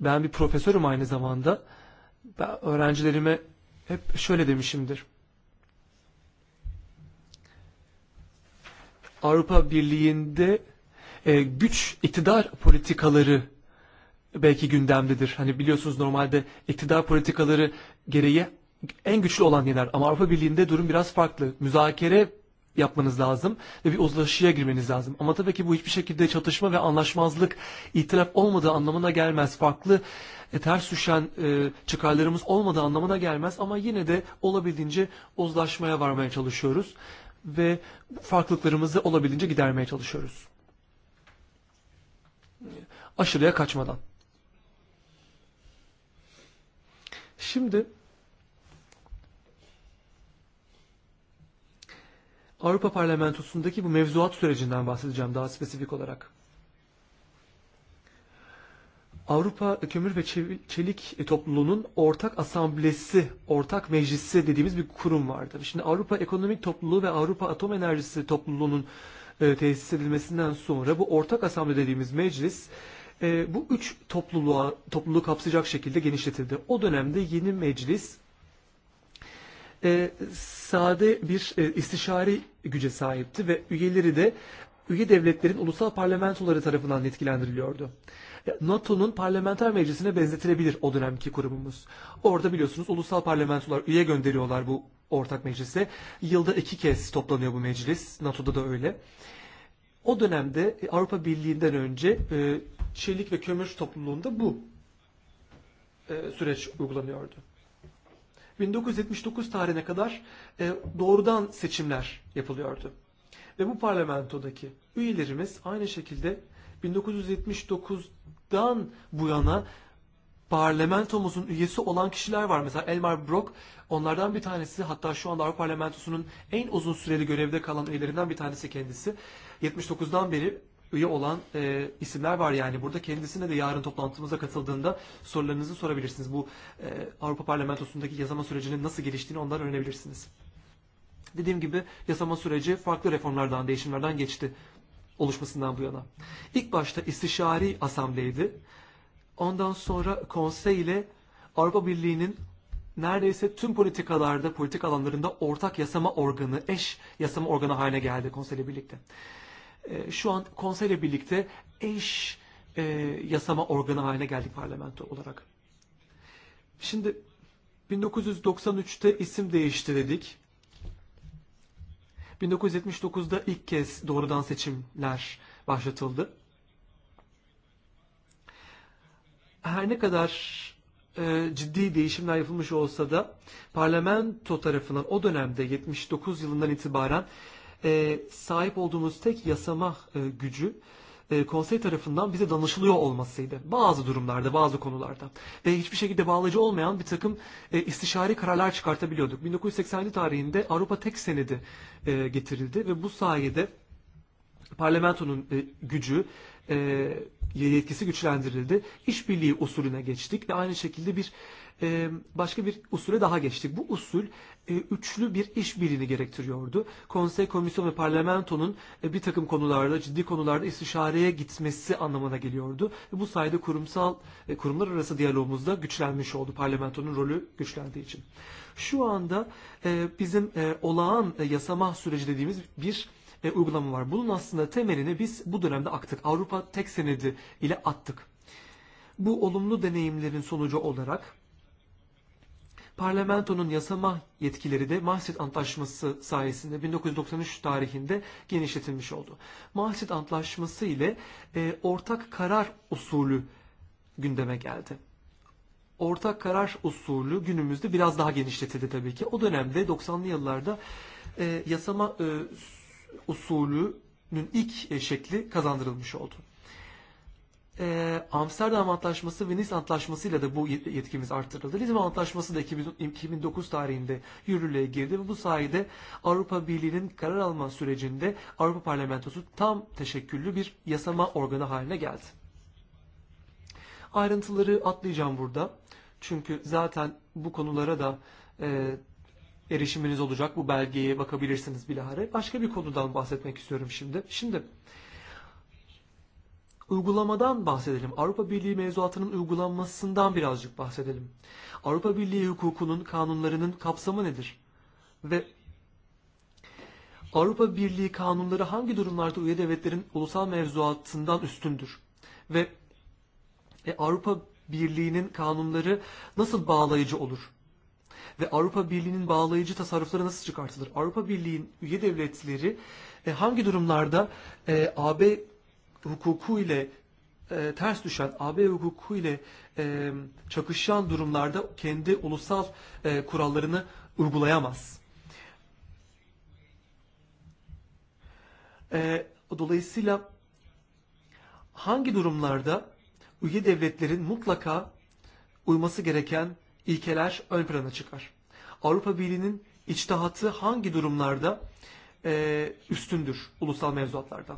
Ben bir profesörüm aynı zamanda. Ben öğrencilerime hep şöyle demişimdir. Avrupa Birliği'nde e, güç iktidar politikaları belki gündemdedir. Hani biliyorsunuz normalde iktidar politikaları gereği en güçlü olan yerler. Ama Avrupa Birliği'nde durum biraz farklı. Müzakere yapmanız lazım ve bir uzlaşıya girmeniz lazım. Ama tabii ki bu hiçbir şekilde çatışma ve anlaşmazlık itiraf olmadığı anlamına gelmez. Farklı e, ters düşen e, çıkarlarımız olmadığı anlamına gelmez. Ama yine de olabildiğince uzlaşmaya varmaya çalışıyoruz ve farklılıklarımızı olabildiğince gidermeye çalışıyoruz. Aşırıya kaçmadan. Şimdi Avrupa Parlamentosu'ndaki bu mevzuat sürecinden bahsedeceğim daha spesifik olarak. Avrupa Kömür ve Çelik e, Topluluğu'nun ortak asamblesi, ortak meclisi dediğimiz bir kurum vardı. Şimdi Avrupa Ekonomik Topluluğu ve Avrupa Atom Enerjisi Topluluğu'nun e, tesis edilmesinden sonra bu ortak asamble dediğimiz meclis e, bu üç topluluğa, topluluğu kapsayacak şekilde genişletildi. O dönemde yeni meclis e, sade bir e, istişare güce sahipti ve üyeleri de üye devletlerin ulusal parlamentoları tarafından yetkilendiriliyordu. NATO'nun parlamenter meclisine benzetilebilir o dönemki kurumumuz. Orada biliyorsunuz ulusal parlamentolar üye gönderiyorlar bu ortak meclise. Yılda iki kez toplanıyor bu meclis. NATO'da da öyle. O dönemde e, Avrupa Birliği'nden önce e, çelik ve kömür topluluğunda bu e, süreç uygulanıyordu. 1979 tarihine kadar e, doğrudan seçimler yapılıyordu. Ve bu parlamentodaki üyelerimiz aynı şekilde 1979'dan bu yana parlamentomuzun üyesi olan kişiler var. Mesela Elmar Brok onlardan bir tanesi hatta şu anda Avrupa Parlamentosu'nun en uzun süreli görevde kalan üyelerinden bir tanesi kendisi. 79'dan beri üye olan e, isimler var yani. Burada kendisine de yarın toplantımıza katıldığında sorularınızı sorabilirsiniz. Bu e, Avrupa Parlamentosu'ndaki yasama sürecinin nasıl geliştiğini ondan öğrenebilirsiniz. Dediğim gibi yasama süreci farklı reformlardan, değişimlerden geçti oluşmasından bu yana. İlk başta istişari asambleydi. Ondan sonra konsey ile Avrupa Birliği'nin neredeyse tüm politikalarda, politik alanlarında ortak yasama organı, eş yasama organı haline geldi konseyle birlikte. Şu an konseyle birlikte eş e, yasama organı haline geldik parlamento olarak. Şimdi 1993'te isim değişti dedik. 1979'da ilk kez doğrudan seçimler başlatıldı. Her ne kadar e, ciddi değişimler yapılmış olsa da parlamento tarafından o dönemde 79 yılından itibaren e, sahip olduğumuz tek yasama e, gücü e, E, konsey tarafından bize danışılıyor olmasıydı. Bazı durumlarda, bazı konularda. Ve hiçbir şekilde bağlayıcı olmayan bir takım e, istişari kararlar çıkartabiliyorduk. 1987 tarihinde Avrupa Tek Senedi e, getirildi ve bu sayede parlamentonun gücü yetkisi güçlendirildi. İşbirliği usulüne geçtik ve aynı şekilde bir başka bir usule daha geçtik. Bu usul e, üçlü bir işbirliğini gerektiriyordu. Konsey, komisyon ve parlamentonun e, bir takım konularda, ciddi konularda istişareye gitmesi anlamına geliyordu. Bu sayede kurumsal e, kurumlar arası diyalogumuz da güçlenmiş oldu parlamentonun rolü güçlendiği için. Şu anda bizim olağan yasama süreci dediğimiz bir uygulama var. Bunun aslında temelini biz bu dönemde aktık. Avrupa tek senedi ile attık. Bu olumlu deneyimlerin sonucu olarak parlamentonun yasama yetkileri de Maastricht Antlaşması sayesinde 1993 tarihinde genişletilmiş oldu. Maastricht Antlaşması ile e, ortak karar usulü gündeme geldi. Ortak karar usulü günümüzde biraz daha genişletildi tabii ki. O dönemde 90'lı yıllarda e, yasama e, usulünün ilk e, şekli kazandırılmış oldu e, Amsterdam Antlaşması ve Nice Antlaşması ile de bu yetkimiz arttırıldı. Lisbon Antlaşması da 2009 tarihinde yürürlüğe girdi ve bu sayede Avrupa Birliği'nin karar alma sürecinde Avrupa Parlamentosu tam teşekküllü bir yasama organı haline geldi. Ayrıntıları atlayacağım burada. Çünkü zaten bu konulara da e, erişiminiz olacak. Bu belgeye bakabilirsiniz bilahare. Başka bir konudan bahsetmek istiyorum şimdi. Şimdi uygulamadan bahsedelim. Avrupa Birliği mevzuatının uygulanmasından birazcık bahsedelim. Avrupa Birliği hukukunun kanunlarının kapsamı nedir? Ve Avrupa Birliği kanunları hangi durumlarda üye devletlerin ulusal mevzuatından üstündür? Ve e, Avrupa Birliği'nin kanunları nasıl bağlayıcı olur? Ve Avrupa Birliği'nin bağlayıcı tasarrufları nasıl çıkartılır? Avrupa Birliği'nin üye devletleri e, hangi durumlarda e, AB hukuku ile e, ters düşen AB hukuku ile e, çakışan durumlarda kendi ulusal e, kurallarını uygulayamaz. E, dolayısıyla hangi durumlarda üye devletlerin mutlaka uyması gereken ilkeler ön plana çıkar? Avrupa Birliği'nin içtihatı hangi durumlarda e, üstündür ulusal mevzuatlardan?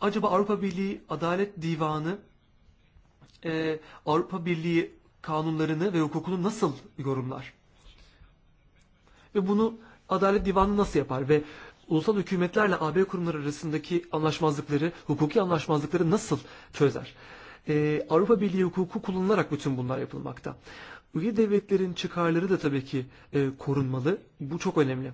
acaba Avrupa Birliği Adalet Divanı e, Avrupa Birliği kanunlarını ve hukukunu nasıl yorumlar? Ve bunu Adalet Divanı nasıl yapar? Ve ulusal hükümetlerle AB kurumları arasındaki anlaşmazlıkları, hukuki anlaşmazlıkları nasıl çözer? E, Avrupa Birliği hukuku kullanılarak bütün bunlar yapılmakta. Üye devletlerin çıkarları da tabii ki e, korunmalı. Bu çok önemli.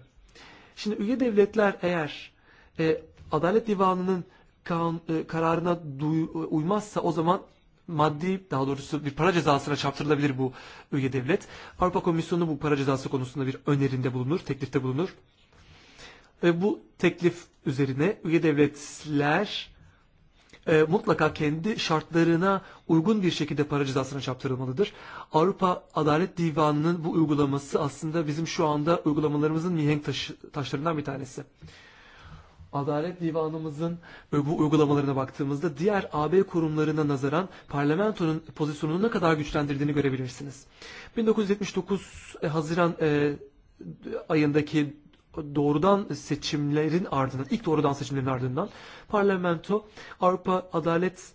Şimdi üye devletler eğer e, Adalet Divanı'nın kan, e, kararına duy, e, uymazsa o zaman maddi daha doğrusu bir para cezasına çarptırılabilir bu üye devlet. Avrupa Komisyonu bu para cezası konusunda bir önerinde bulunur, teklifte bulunur. Ve bu teklif üzerine üye devletler e, mutlaka kendi şartlarına uygun bir şekilde para cezasına çarptırılmalıdır. Avrupa Adalet Divanı'nın bu uygulaması aslında bizim şu anda uygulamalarımızın mihenk taşı, taşlarından bir tanesi. Adalet Divanımızın bu uygulamalarına baktığımızda diğer AB kurumlarına nazaran parlamentonun pozisyonunu ne kadar güçlendirdiğini görebilirsiniz. 1979 e, Haziran e, ayındaki doğrudan seçimlerin ardından, ilk doğrudan seçimlerin ardından parlamento Avrupa Adalet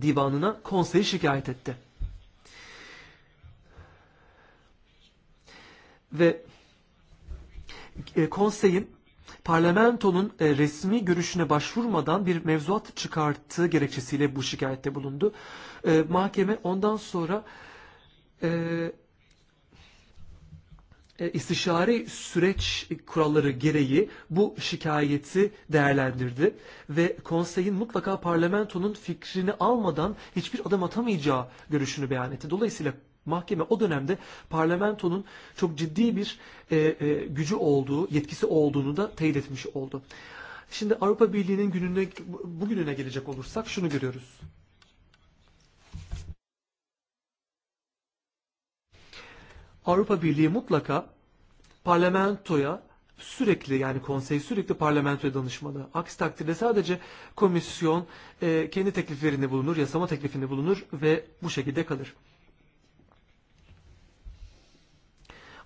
Divanı'na konseyi şikayet etti. Ve e, konseyin parlamentonun e, resmi görüşüne başvurmadan bir mevzuat çıkarttığı gerekçesiyle bu şikayette bulundu. E, mahkeme ondan sonra e, e, istişare süreç kuralları gereği bu şikayeti değerlendirdi ve konseyin mutlaka parlamentonun fikrini almadan hiçbir adım atamayacağı görüşünü beyan etti. Dolayısıyla Mahkeme o dönemde parlamentonun çok ciddi bir e, e, gücü olduğu, yetkisi olduğunu da teyit etmiş oldu. Şimdi Avrupa Birliği'nin gününe, bugününe gelecek olursak şunu görüyoruz. Avrupa Birliği mutlaka parlamentoya sürekli yani konsey sürekli parlamentoya danışmalı. Aksi takdirde sadece komisyon e, kendi tekliflerini bulunur, yasama teklifini bulunur ve bu şekilde kalır.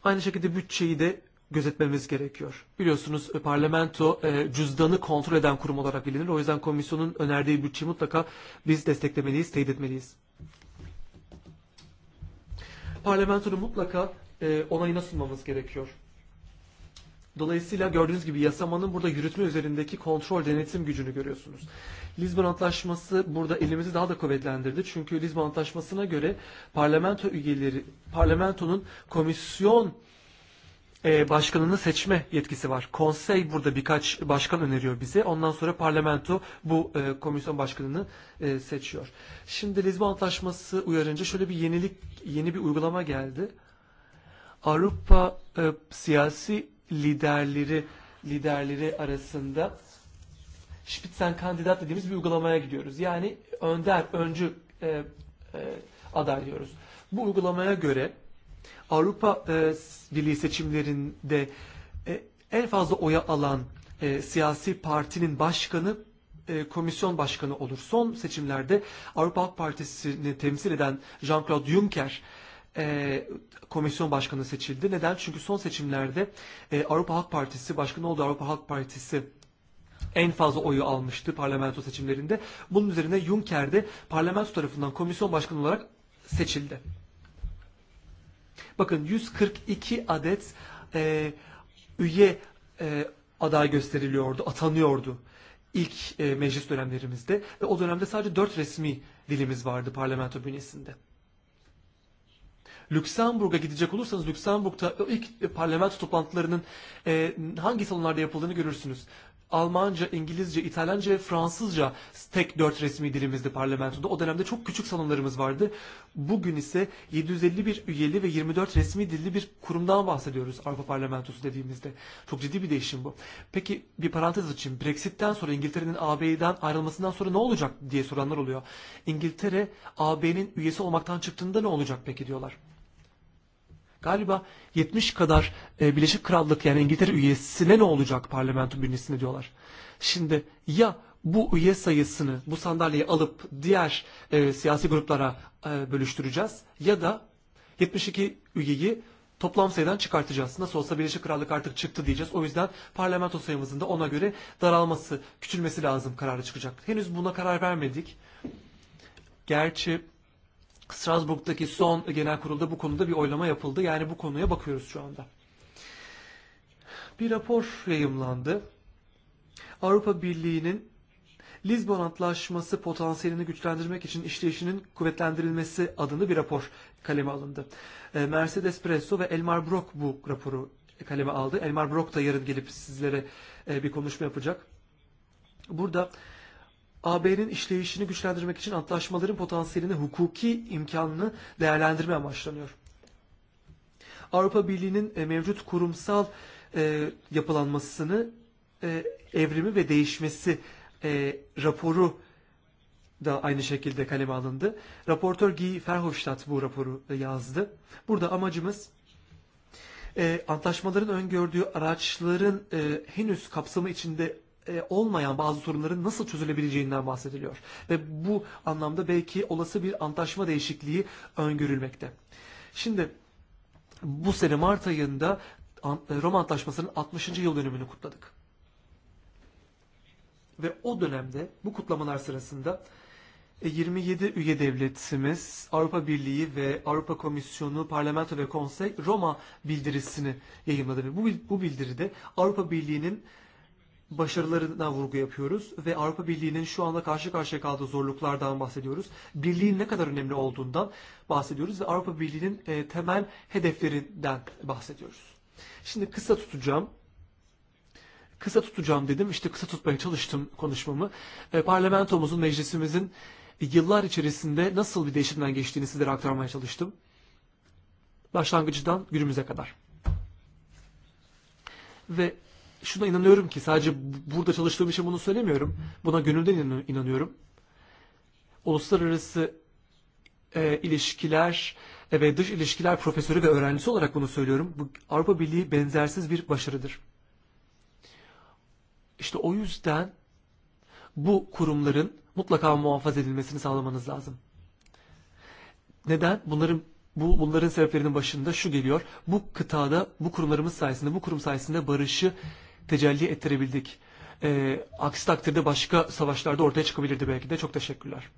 aynı şekilde bütçeyi de gözetmemiz gerekiyor. Biliyorsunuz e, parlamento e, cüzdanı kontrol eden kurum olarak bilinir. O yüzden komisyonun önerdiği bütçeyi mutlaka biz desteklemeliyiz, teyit etmeliyiz. Parlamentonun mutlaka e, onayına sunmamız gerekiyor. Dolayısıyla gördüğünüz gibi yasamanın burada yürütme üzerindeki kontrol denetim gücünü görüyorsunuz. Lisbon Antlaşması burada elimizi daha da kuvvetlendirdi. Çünkü Lisbon Antlaşması'na göre parlamento üyeleri, parlamentonun komisyon e, başkanını seçme yetkisi var. Konsey burada birkaç başkan öneriyor bize. Ondan sonra parlamento bu e, komisyon başkanını e, seçiyor. Şimdi Lisbon Antlaşması uyarınca şöyle bir yenilik, yeni bir uygulama geldi. Avrupa e, siyasi liderleri liderleri arasında Spitzen kandidat dediğimiz bir uygulamaya gidiyoruz. Yani önder, öncü e, e, aday diyoruz. Bu uygulamaya göre Avrupa e, Birliği seçimlerinde e, en fazla oya alan e, siyasi partinin başkanı e, komisyon başkanı olur. Son seçimlerde Avrupa Halk Partisi'ni temsil eden Jean-Claude Juncker e, komisyon başkanı seçildi. Neden? Çünkü son seçimlerde e, Avrupa Halk Partisi başkanı oldu. Avrupa Halk Partisi en fazla oyu almıştı parlamento seçimlerinde. Bunun üzerine Juncker de parlamento tarafından komisyon başkanı olarak seçildi. Bakın 142 adet e, üye e, aday gösteriliyordu, atanıyordu ilk e, meclis dönemlerimizde. Ve o dönemde sadece 4 resmi dilimiz vardı parlamento bünyesinde. Lüksemburg'a gidecek olursanız Lüksemburg'da ilk parlamento toplantılarının e, hangi salonlarda yapıldığını görürsünüz. Almanca, İngilizce, İtalyanca ve Fransızca tek dört resmi dilimizdi parlamentoda. O dönemde çok küçük salonlarımız vardı. Bugün ise 751 üyeli ve 24 resmi dilli bir kurumdan bahsediyoruz Avrupa Parlamentosu dediğimizde. Çok ciddi bir değişim bu. Peki bir parantez açayım. Brexit'ten sonra İngiltere'nin AB'den ayrılmasından sonra ne olacak diye soranlar oluyor. İngiltere AB'nin üyesi olmaktan çıktığında ne olacak peki diyorlar galiba 70 kadar e, Birleşik Krallık yani İngiltere üyesine ne olacak parlamento birisine diyorlar. Şimdi ya bu üye sayısını bu sandalyeyi alıp diğer e, siyasi gruplara e, bölüştüreceğiz ya da 72 üyeyi toplam sayıdan çıkartacağız. Nasıl olsa Birleşik Krallık artık çıktı diyeceğiz. O yüzden parlamento sayımızın da ona göre daralması, küçülmesi lazım kararı çıkacak. Henüz buna karar vermedik. Gerçi Strasbourg'daki son genel kurulda bu konuda bir oylama yapıldı. Yani bu konuya bakıyoruz şu anda. Bir rapor yayımlandı. Avrupa Birliği'nin Lisbon Antlaşması potansiyelini güçlendirmek için işleyişinin kuvvetlendirilmesi adını bir rapor kaleme alındı. Mercedes Presso ve Elmar Brok bu raporu kaleme aldı. Elmar Brok da yarın gelip sizlere e, bir konuşma yapacak. Burada AB'nin işleyişini güçlendirmek için antlaşmaların potansiyelini, hukuki imkanını değerlendirme amaçlanıyor. Avrupa Birliği'nin e, mevcut kurumsal e, yapılanmasını, e, evrimi ve değişmesi raporu da aynı şekilde kaleme alındı. Raportör Guy Verhofstadt bu raporu yazdı. Burada amacımız antlaşmaların öngördüğü araçların henüz kapsamı içinde E, olmayan bazı sorunların nasıl çözülebileceğinden bahsediliyor. Ve bu anlamda belki olası bir antlaşma değişikliği öngörülmekte. Şimdi bu sene Mart ayında e, Roma Antlaşması'nın 60. yıl dönümünü kutladık. Ve o dönemde bu kutlamalar sırasında 27 e, üye devletimiz Avrupa Birliği ve Avrupa Komisyonu Parlamento ve Konsey Roma bildirisini yayınladı. Ve bu, bu bildiride Avrupa Birliği'nin başarılarına vurgu yapıyoruz ve Avrupa Birliği'nin şu anda karşı karşıya kaldığı zorluklardan bahsediyoruz. Birliğin ne kadar önemli olduğundan bahsediyoruz ve Avrupa Birliği'nin e, temel hedeflerinden bahsediyoruz. Şimdi kısa tutacağım. Kısa tutacağım dedim. İşte kısa tutmaya çalıştım konuşmamı. E, parlamentomuzun, meclisimizin yıllar içerisinde nasıl bir değişimden geçtiğini sizlere aktarmaya çalıştım. Başlangıcıdan günümüze kadar. Ve şuna inanıyorum ki sadece burada çalıştığım için bunu söylemiyorum. Buna gönülden inanıyorum. Uluslararası e, ilişkiler e, ve dış ilişkiler profesörü ve öğrencisi olarak bunu söylüyorum. Bu Avrupa Birliği benzersiz bir başarıdır. İşte o yüzden bu kurumların mutlaka muhafaza edilmesini sağlamanız lazım. Neden? Bunların bu bunların sebeplerinin başında şu geliyor. Bu kıtada bu kurumlarımız sayesinde, bu kurum sayesinde barışı hmm tecelli ettirebildik. E, aksi takdirde başka savaşlarda ortaya çıkabilirdi belki de. Çok teşekkürler.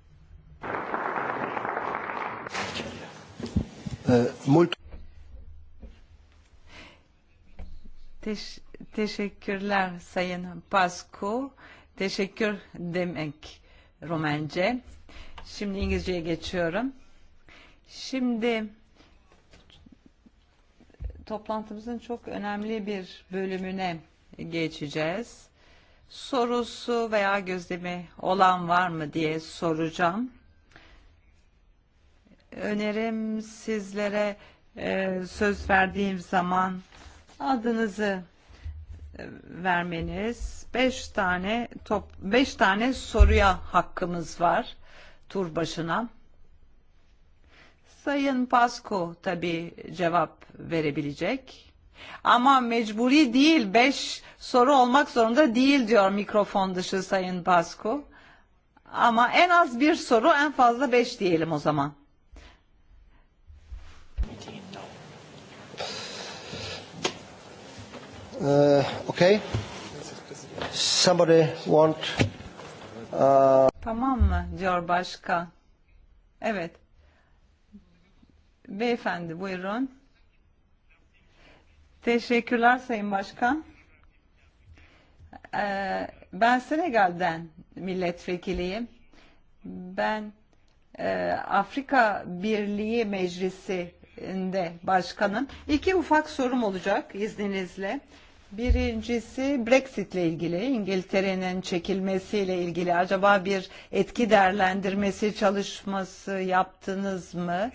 Teş teşekkürler Sayın Pasko. Teşekkür demek Romence. Şimdi İngilizceye geçiyorum. Şimdi toplantımızın çok önemli bir bölümüne geçeceğiz. Sorusu veya gözlemi olan var mı diye soracağım. Önerim sizlere e, söz verdiğim zaman adınızı e, vermeniz. 5 tane top 5 tane soruya hakkımız var tur başına. Sayın Pasko tabii cevap verebilecek. Ama mecburi değil, beş soru olmak zorunda değil diyor mikrofon dışı Sayın Pasku. Ama en az bir soru, en fazla beş diyelim o zaman. Uh, okay. Somebody want. Uh... Tamam mı diyor başka? Evet. Beyefendi buyurun. Teşekkürler Sayın Başkan. Ee, ben Senegal'den milletvekiliyim. Ben e, Afrika Birliği Meclisi'nde başkanım. İki ufak sorum olacak izninizle. Birincisi Brexit ile ilgili, İngiltere'nin çekilmesi ile ilgili. Acaba bir etki değerlendirmesi çalışması yaptınız mı?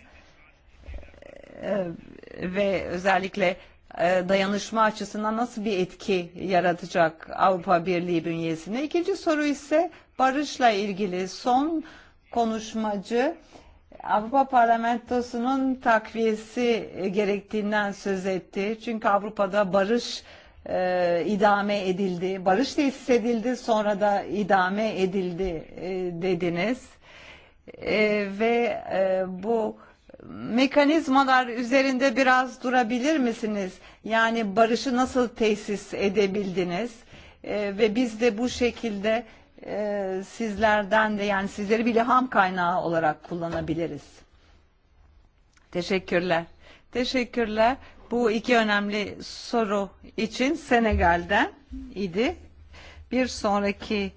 Ee, ve özellikle... E, dayanışma açısından nasıl bir etki yaratacak Avrupa Birliği bünyesinde? İkinci soru ise barışla ilgili son konuşmacı Avrupa Parlamentosu'nun takviyesi gerektiğinden söz etti. Çünkü Avrupa'da barış e, idame edildi, barış da hissedildi, sonra da idame edildi e, dediniz. E, ve e, bu mekanizmalar üzerinde biraz durabilir misiniz? Yani barışı nasıl tesis edebildiniz? E, ve biz de bu şekilde e, sizlerden de yani sizleri bile ham kaynağı olarak kullanabiliriz. Teşekkürler. Teşekkürler. Bu iki önemli soru için Senegal'den idi. Bir sonraki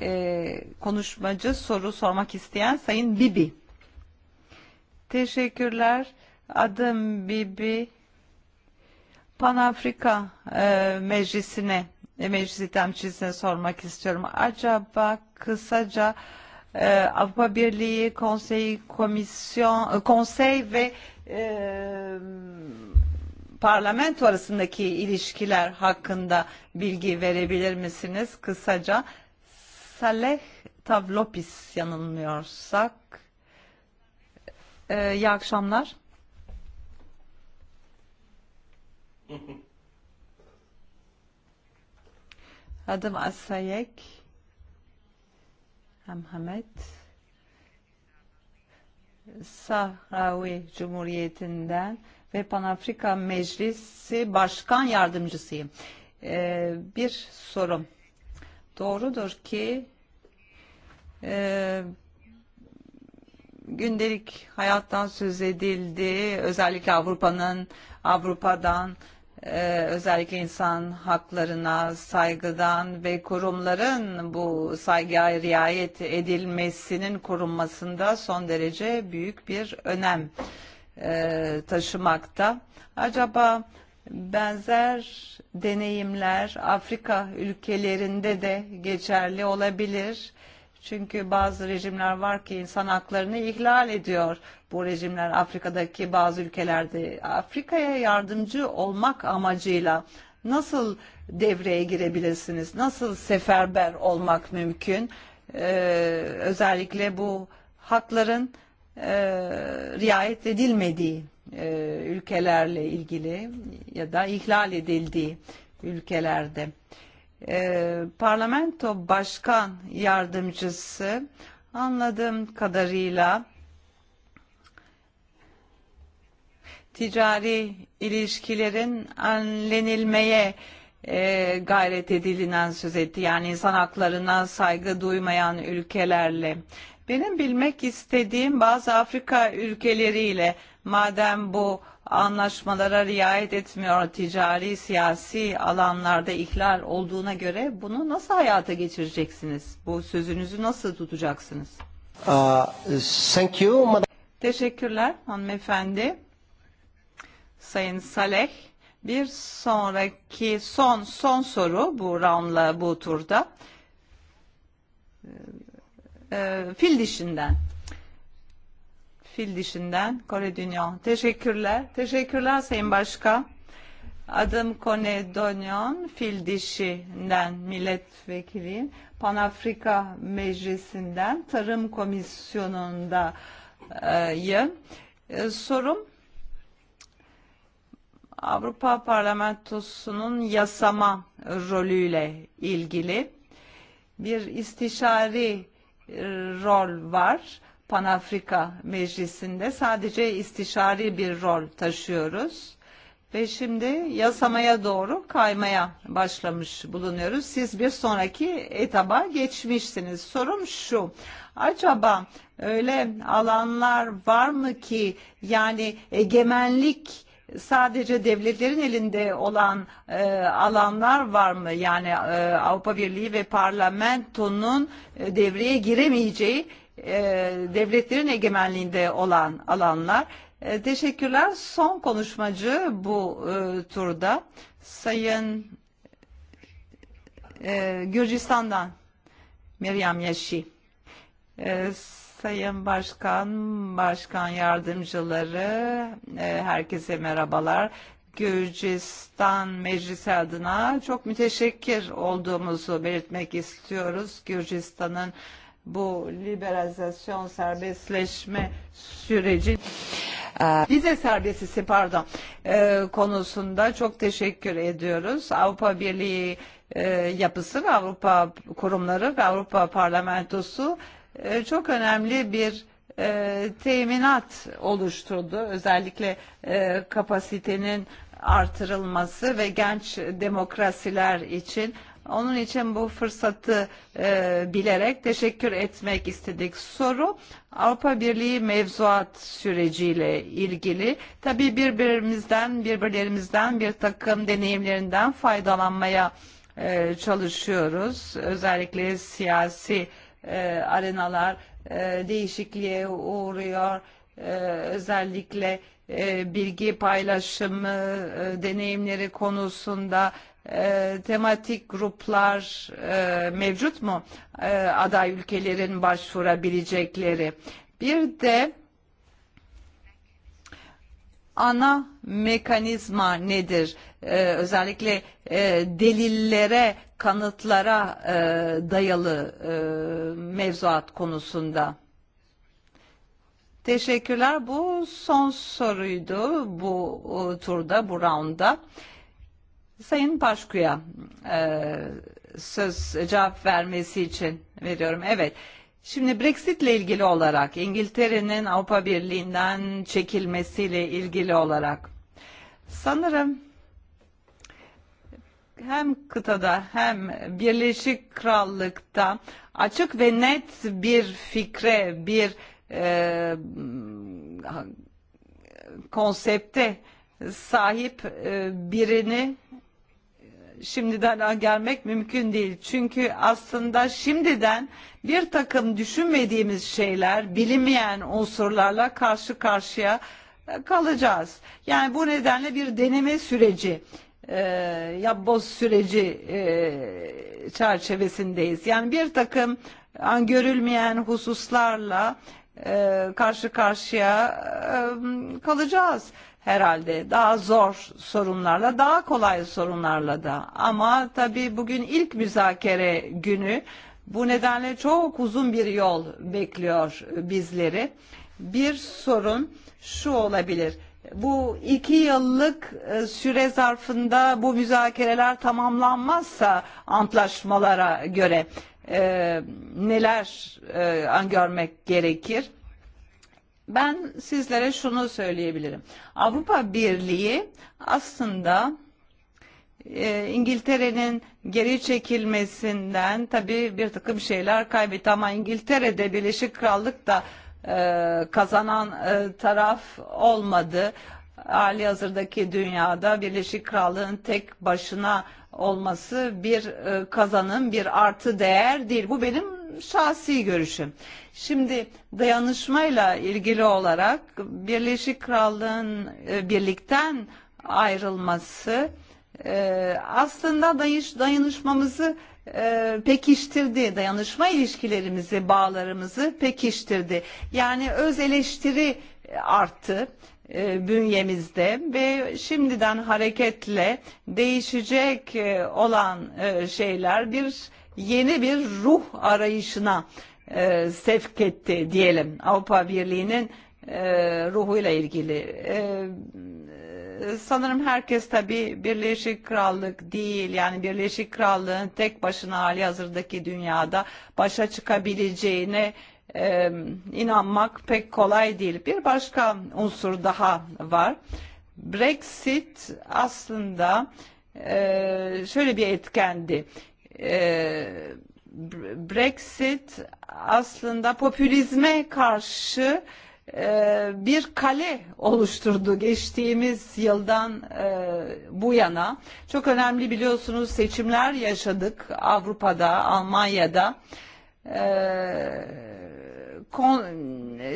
e, konuşmacı soru sormak isteyen Sayın Bibi. Teşekkürler. Adım Bibi. Panafrika e, Meclisi'ne, e, Meclis İtlam Çizgisi'ne sormak istiyorum. Acaba kısaca e, Avrupa Birliği, Konsey, Komisyon, e, Konsey ve e, Parlamento arasındaki ilişkiler hakkında bilgi verebilir misiniz? Kısaca Saleh Tavlopis yanılmıyorsak e, iyi akşamlar. Adım Asayek. Hamhamet. Sahrawi Cumhuriyeti'nden ve Panafrika Meclisi Başkan Yardımcısıyım. E, bir sorum. Doğrudur ki e, gündelik hayattan söz edildi. Özellikle Avrupa'nın, Avrupa'dan e, özellikle insan haklarına saygıdan ve kurumların bu saygıya riayet edilmesinin korunmasında son derece büyük bir önem e, taşımakta. Acaba benzer deneyimler Afrika ülkelerinde de geçerli olabilir mi? Çünkü bazı rejimler var ki insan haklarını ihlal ediyor bu rejimler Afrika'daki bazı ülkelerde. Afrika'ya yardımcı olmak amacıyla nasıl devreye girebilirsiniz? Nasıl seferber olmak mümkün? Ee, özellikle bu hakların e, riayet edilmediği e, ülkelerle ilgili ya da ihlal edildiği ülkelerde. Ee, e, parlamento başkan yardımcısı anladığım kadarıyla ticari ilişkilerin önlenilmeye e, gayret edilinen söz etti. Yani insan haklarına saygı duymayan ülkelerle. Benim bilmek istediğim bazı Afrika ülkeleriyle madem bu anlaşmalara riayet etmiyor ticari siyasi alanlarda ihlal olduğuna göre bunu nasıl hayata geçireceksiniz? Bu sözünüzü nasıl tutacaksınız? Uh, thank you. Teşekkürler hanımefendi. Sayın Saleh. Bir sonraki son son soru bu roundla bu turda. Ee, e, fil dişinden. Fil dişinden Kore Dünya. Teşekkürler. Teşekkürler Sayın Başkan. Adım Kone Donyon, fil dişinden milletvekiliyim. Panafrika Meclisi'nden Tarım Komisyonu'ndayım. Ee, sorum Avrupa Parlamentosu'nun yasama rolüyle ilgili bir istişari rol var. Panafrika Meclisi'nde sadece istişari bir rol taşıyoruz. Ve şimdi yasamaya doğru kaymaya başlamış bulunuyoruz. Siz bir sonraki etaba geçmişsiniz. Sorum şu. Acaba öyle alanlar var mı ki yani egemenlik sadece devletlerin elinde olan e, alanlar var mı? Yani e, Avrupa Birliği ve parlamentonun e, devreye giremeyeceği e, devletlerin egemenliğinde olan alanlar. E, teşekkürler. Son konuşmacı bu e, turda Sayın e, Gürcistan'dan Meryem Yeşil. E, Sayın Başkan, Başkan Yardımcıları, e, herkese merhabalar. Gürcistan Meclisi adına çok müteşekkir olduğumuzu belirtmek istiyoruz. Gürcistan'ın e, bu liberalizasyon serbestleşme süreci vize serbestisi pardon e, konusunda çok teşekkür ediyoruz. Avrupa Birliği e, yapısı ve Avrupa kurumları ve Avrupa parlamentosu e, çok önemli bir e, teminat oluşturdu. Özellikle e, kapasitenin artırılması ve genç demokrasiler için Onun için bu fırsatı e, bilerek teşekkür etmek istedik. Soru Avrupa Birliği mevzuat süreciyle ilgili. Tabii birbirimizden, birbirlerimizden bir takım deneyimlerinden faydalanmaya e, çalışıyoruz. Özellikle siyasi e, arenalar e, değişikliğe uğruyor. E, özellikle e, bilgi paylaşımı, e, deneyimleri konusunda e, tematik gruplar e, mevcut mu e, aday ülkelerin başvurabilecekleri? Bir de ana mekanizma nedir? E, özellikle e, delillere, kanıtlara e, dayalı e, mevzuat konusunda. Teşekkürler. Bu son soruydu bu e, turda, bu roundda. Sayın Paşku'ya e, söz cevap vermesi için veriyorum. Evet. Şimdi Brexit ile ilgili olarak İngiltere'nin Avrupa Birliği'nden çekilmesiyle ilgili olarak sanırım hem kıtada hem Birleşik Krallık'ta açık ve net bir fikre, bir e, konsepte sahip e, birini şimdiden gelmek mümkün değil. Çünkü aslında şimdiden bir takım düşünmediğimiz şeyler bilinmeyen unsurlarla karşı karşıya e, kalacağız. Yani bu nedenle bir deneme süreci e, ya boz süreci e, çerçevesindeyiz. Yani bir takım görülmeyen hususlarla karşı karşıya kalacağız herhalde daha zor sorunlarla daha kolay sorunlarla da ama tabii bugün ilk müzakere günü bu nedenle çok uzun bir yol bekliyor bizleri. Bir sorun şu olabilir. Bu iki yıllık e, süre zarfında bu müzakereler tamamlanmazsa antlaşmalara göre e, neler e, görmek gerekir? ben sizlere şunu söyleyebilirim. Avrupa Birliği aslında e, İngiltere'nin geri çekilmesinden tabii bir takım şeyler kaybetti ama İngiltere'de Birleşik Krallık da e, kazanan e, taraf olmadı. Hali hazırdaki dünyada Birleşik Krallık'ın tek başına olması bir e, kazanım, bir artı değer değil. Bu benim şahsi görüşüm. Şimdi dayanışmayla ilgili olarak Birleşik Krallığın e, birlikten ayrılması e, aslında dayış, dayanışmamızı e, pekiştirdi. Dayanışma ilişkilerimizi, bağlarımızı pekiştirdi. Yani öz eleştiri arttı e, bünyemizde ve şimdiden hareketle değişecek e, olan e, şeyler bir e, yeni bir ruh arayışına e, eh, sevk etti diyelim Avrupa Birliği'nin e, eh, ruhuyla ilgili. E, eh, sanırım herkes tabi Birleşik Krallık değil yani Birleşik Krallık'ın tek başına hali hazırdaki dünyada başa çıkabileceğine e, inanmak pek kolay değil. Bir başka unsur daha var. Brexit aslında e, şöyle bir etkendi. E, Brexit aslında popülizme karşı e, bir kale oluşturdu geçtiğimiz yıldan e, bu yana. Çok önemli biliyorsunuz seçimler yaşadık Avrupa'da, Almanya'da.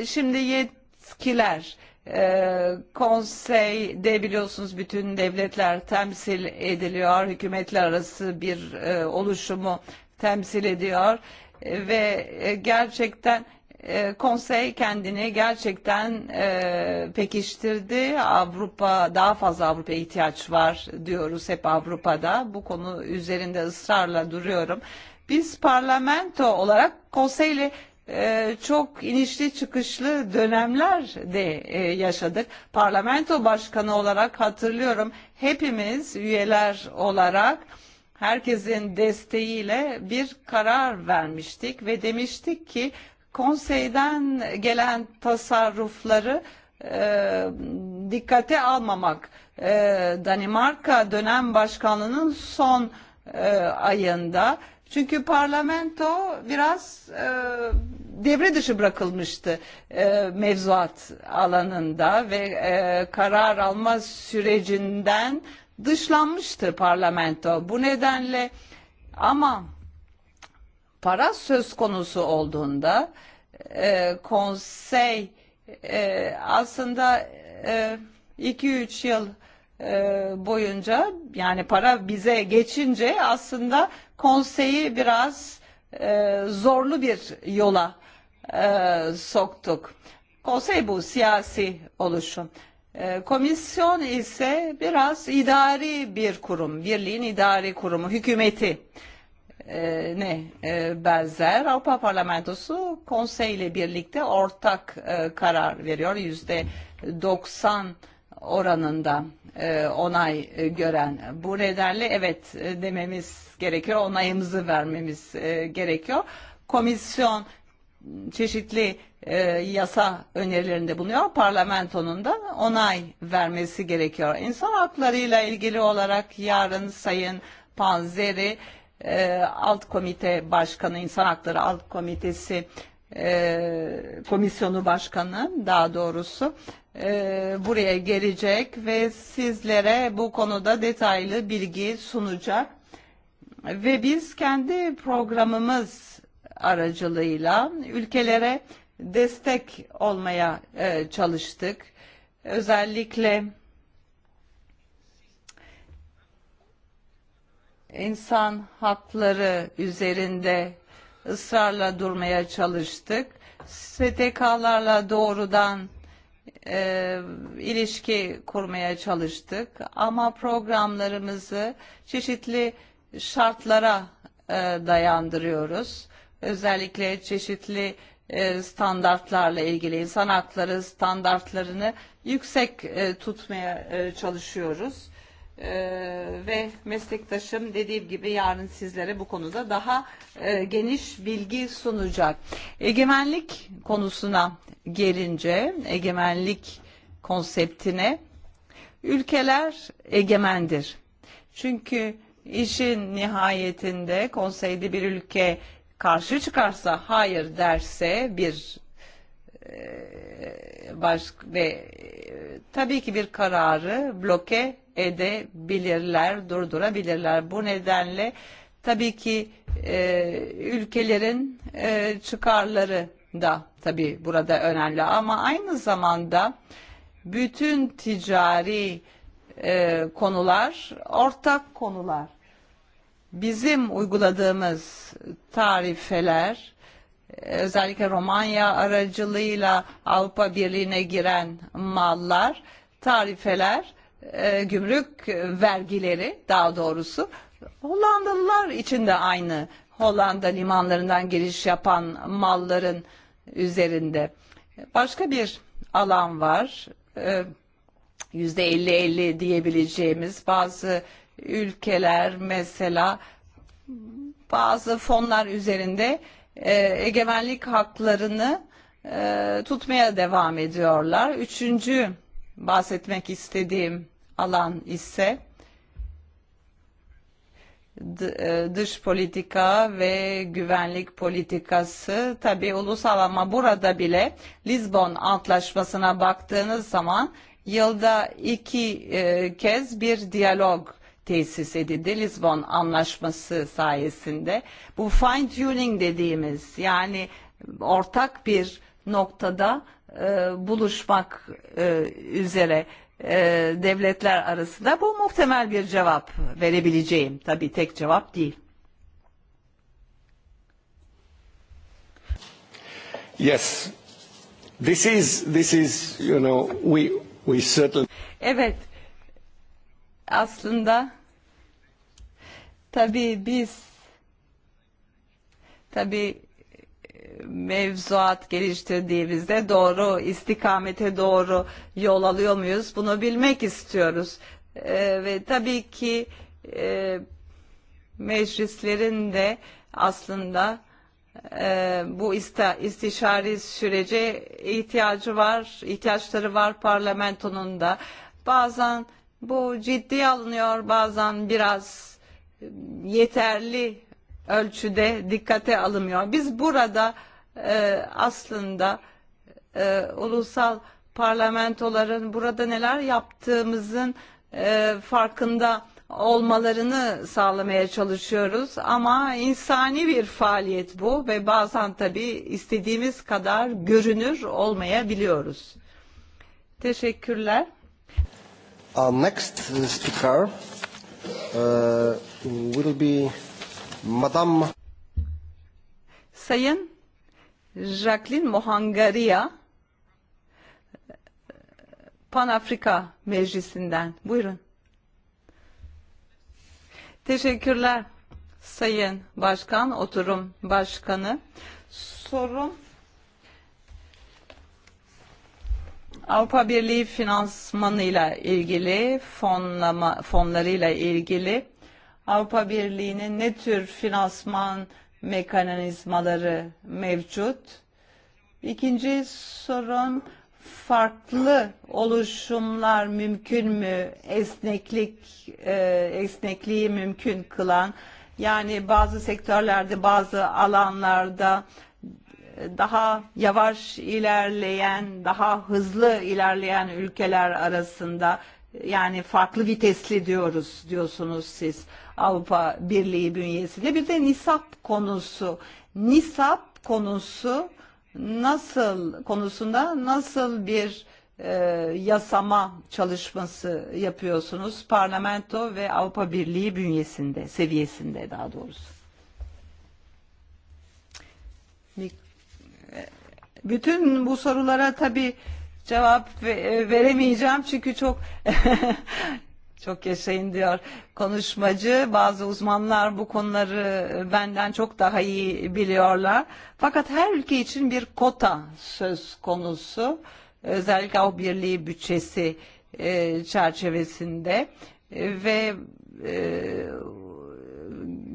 Şimdi yetkiler konsey de biliyorsunuz bütün devletler temsil ediliyor. Hükümetler arası bir e, oluşumu temsil ediyor. E, ve e, gerçekten e, konsey kendini gerçekten e, pekiştirdi. Avrupa daha fazla Avrupa ihtiyaç var diyoruz hep Avrupa'da. Bu konu üzerinde ısrarla duruyorum. Biz parlamento olarak konseyle Eh, çok inişli çıkışlı dönemler de eh, yaşadık. Parlamento başkanı olarak hatırlıyorum hepimiz üyeler olarak herkesin desteğiyle bir karar vermiştik ve demiştik ki konseyden gelen tasarrufları e, dikkate almamak e, Danimarka dönem başkanlığının son e, ayında e, Çünkü parlamento biraz e, devre dışı bırakılmıştı e, mevzuat alanında ve e, karar alma sürecinden dışlanmıştı parlamento. Bu nedenle ama para söz konusu olduğunda e, konsey e, aslında 2-3 e, yıl e, boyunca yani para bize geçince aslında konseyi biraz e, zorlu bir yola e, soktuk. Konsey bu siyasi oluşum. E, komisyon ise biraz idari bir kurum, birliğin idari kurumu, hükümeti e, ne e, benzer. Avrupa Parlamentosu konsey ile birlikte ortak e, karar veriyor. Yüzde 90 oranında E, onay e, gören Buredel'le evet e, dememiz gerekiyor, onayımızı vermemiz gerekiyor. Komisyon çeşitli yasa önerilerinde bulunuyor, parlamentonun da onay vermesi gerekiyor. İnsan haklarıyla ilgili olarak yarın Sayın Panzeri, Alt Komite Başkanı, İnsan Hakları Alt Komitesi e, eh, komisyonu başkanı daha doğrusu e, eh, buraya gelecek ve sizlere bu konuda detaylı bilgi sunacak ve biz kendi programımız aracılığıyla ülkelere destek olmaya e, çalıştık özellikle insan hakları üzerinde ısrarla durmaya çalıştık. STK'larla doğrudan e, ilişki kurmaya çalıştık. Ama programlarımızı çeşitli şartlara e, dayandırıyoruz. Özellikle çeşitli e, standartlarla ilgili insan hakları standartlarını yüksek e, tutmaya e, çalışıyoruz e, ve meslektaşım dediğim gibi yarın sizlere bu konuda daha e, geniş bilgi sunacak. Egemenlik konusuna gelince, egemenlik konseptine ülkeler egemendir. Çünkü işin nihayetinde konseyde bir ülke karşı çıkarsa hayır derse bir baş ve e, tabii ki bir kararı bloke edebilirler, durdurabilirler. Bu nedenle tabii ki e, ülkelerin e, çıkarları da tabii burada önemli ama aynı zamanda bütün ticari e, konular ortak konular. Bizim uyguladığımız tarifeler özellikle Romanya aracılığıyla Avrupa Birliği'ne giren mallar, tarifeler, e, gümrük vergileri daha doğrusu Hollandalılar için de aynı Hollanda limanlarından giriş yapan malların üzerinde. Başka bir alan var. %50-50 e, diyebileceğimiz bazı ülkeler mesela bazı fonlar üzerinde e, egemenlik haklarını e, tutmaya devam ediyorlar. Üçüncü bahsetmek istediğim alan ise e, dış politika ve güvenlik politikası tabi ulusal ama burada bile Lisbon antlaşmasına baktığınız zaman yılda iki e, kez bir diyalog tesis edildi Lisbon anlaşması sayesinde. Bu fine tuning dediğimiz yani ortak bir noktada e, buluşmak e, üzere e, devletler arasında bu muhtemel bir cevap verebileceğim. Tabii tek cevap değil. Yes. This is this is you know we we certainly Evet. Aslında tabi biz tabi mevzuat geliştirdiğimizde doğru istikamete doğru yol alıyor muyuz bunu bilmek istiyoruz ee, ve tabii ki e, meclislerin de aslında e, bu isti istişari sürece ihtiyacı var ihtiyaçları var parlamentonun da bazen bu ciddi alınıyor bazen biraz yeterli ölçüde dikkate alınmıyor. Biz burada e, aslında e, ulusal parlamentoların burada neler yaptığımızın e, farkında olmalarını sağlamaya çalışıyoruz. Ama insani bir faaliyet bu ve bazen tabii istediğimiz kadar görünür olmayabiliyoruz. Teşekkürler. Our next speaker uh, will be Madame Sayın Jacqueline Mohangaria Pan Afrika Meclisi'nden. Buyurun. Teşekkürler Sayın Başkan, Oturum Başkanı. Sorum Avrupa Birliği finansmanıyla ilgili, fonlama fonlarıyla ilgili. Avrupa Birliği'nin ne tür finansman mekanizmaları mevcut? İkinci sorun farklı oluşumlar mümkün mü? Esneklik e, esnekliği mümkün kılan yani bazı sektörlerde bazı alanlarda daha yavaş ilerleyen, daha hızlı ilerleyen ülkeler arasında yani farklı vitesli diyoruz diyorsunuz siz. Avrupa Birliği bünyesinde. Bir de nisap konusu. Nisap konusu nasıl konusunda nasıl bir e, yasama çalışması yapıyorsunuz parlamento ve Avrupa Birliği bünyesinde seviyesinde daha doğrusu e, bütün bu sorulara tabi cevap e, veremeyeceğim çünkü çok çok yaşayın diyor konuşmacı. Bazı uzmanlar bu konuları benden çok daha iyi biliyorlar. Fakat her ülke için bir kota söz konusu. Özellikle o birliği bütçesi e, çerçevesinde e, ve e,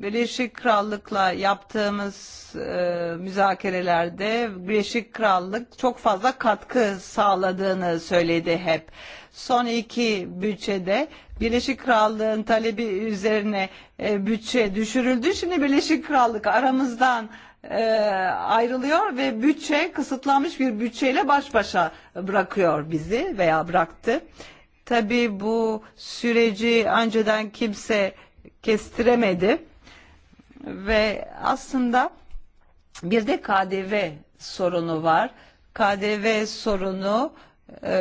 Birleşik Krallık'la yaptığımız e, müzakerelerde Birleşik Krallık çok fazla katkı sağladığını söyledi hep. Son iki bütçede Birleşik Krallık'ın talebi üzerine e, bütçe düşürüldü. Şimdi Birleşik Krallık aramızdan e, ayrılıyor ve bütçe kısıtlanmış bir bütçeyle baş başa bırakıyor bizi veya bıraktı. Tabi bu süreci önceden kimse kestiremedi ve aslında bir de KDV sorunu var. KDV sorunu, e,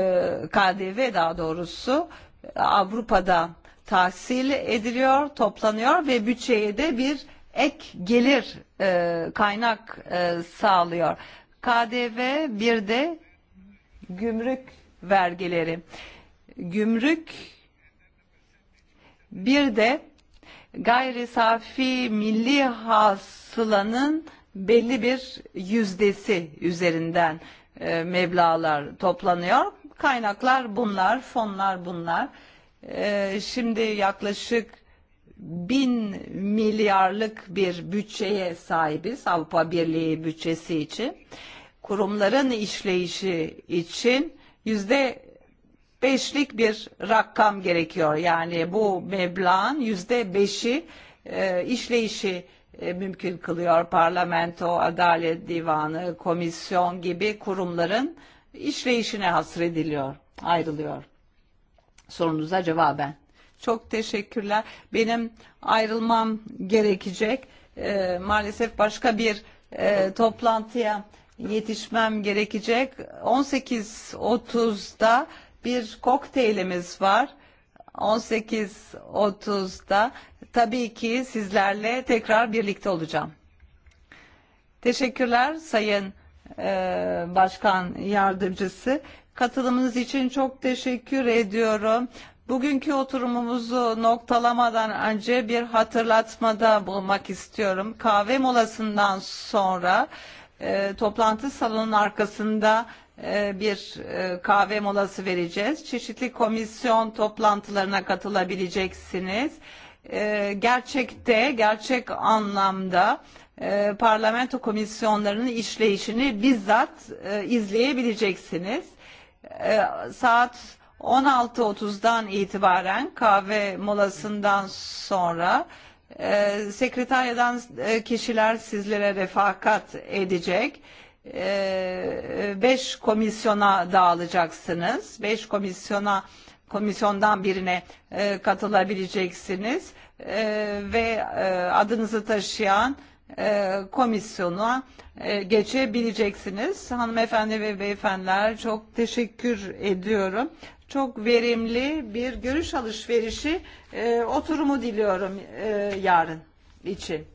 KDV daha doğrusu Avrupa'da tahsil ediliyor, toplanıyor ve bütçeye de bir ek gelir e, kaynak e, sağlıyor. KDV bir de gümrük vergileri. Gümrük bir de gayri safi milli hasılanın belli bir yüzdesi üzerinden e, meblalar toplanıyor kaynaklar bunlar, fonlar bunlar. Şimdi yaklaşık bin milyarlık bir bütçeye sahibiz Avrupa Birliği bütçesi için. Kurumların işleyişi için yüzde beşlik bir rakam gerekiyor. Yani bu meblağın yüzde beşi e, işleyişi e, mümkün kılıyor. Parlamento, Adalet Divanı, Komisyon gibi kurumların işleyişine hasrediliyor, ayrılıyor. Sorunuza cevaben. Çok teşekkürler. Benim ayrılmam gerekecek. E, maalesef başka bir e, toplantıya yetişmem gerekecek. 18.30'da bir kokteylimiz var. 18.30'da tabii ki sizlerle tekrar birlikte olacağım. Teşekkürler Sayın E, başkan yardımcısı. Katılımınız için çok teşekkür ediyorum. Bugünkü oturumumuzu noktalamadan önce bir hatırlatmada bulmak istiyorum. Kahve molasından sonra e, toplantı salonunun arkasında e, bir e, kahve molası vereceğiz. Çeşitli komisyon toplantılarına katılabileceksiniz. E, gerçekte, gerçek anlamda E, parlamento komisyonlarının işleyişini bizzat e, izleyebileceksiniz. E, saat 16.30'dan itibaren kahve molasından sonra e, sekreteryadan e, kişiler sizlere refakat edecek. E, beş komisyona dağılacaksınız. Beş komisyona komisyondan birine e, katılabileceksiniz. E, ve e, adınızı taşıyan e, E, komisyonu e, geçebileceksiniz. Hanımefendi ve beyefendiler çok teşekkür ediyorum. Çok verimli bir görüş alışverişi e, oturumu diliyorum yarın için.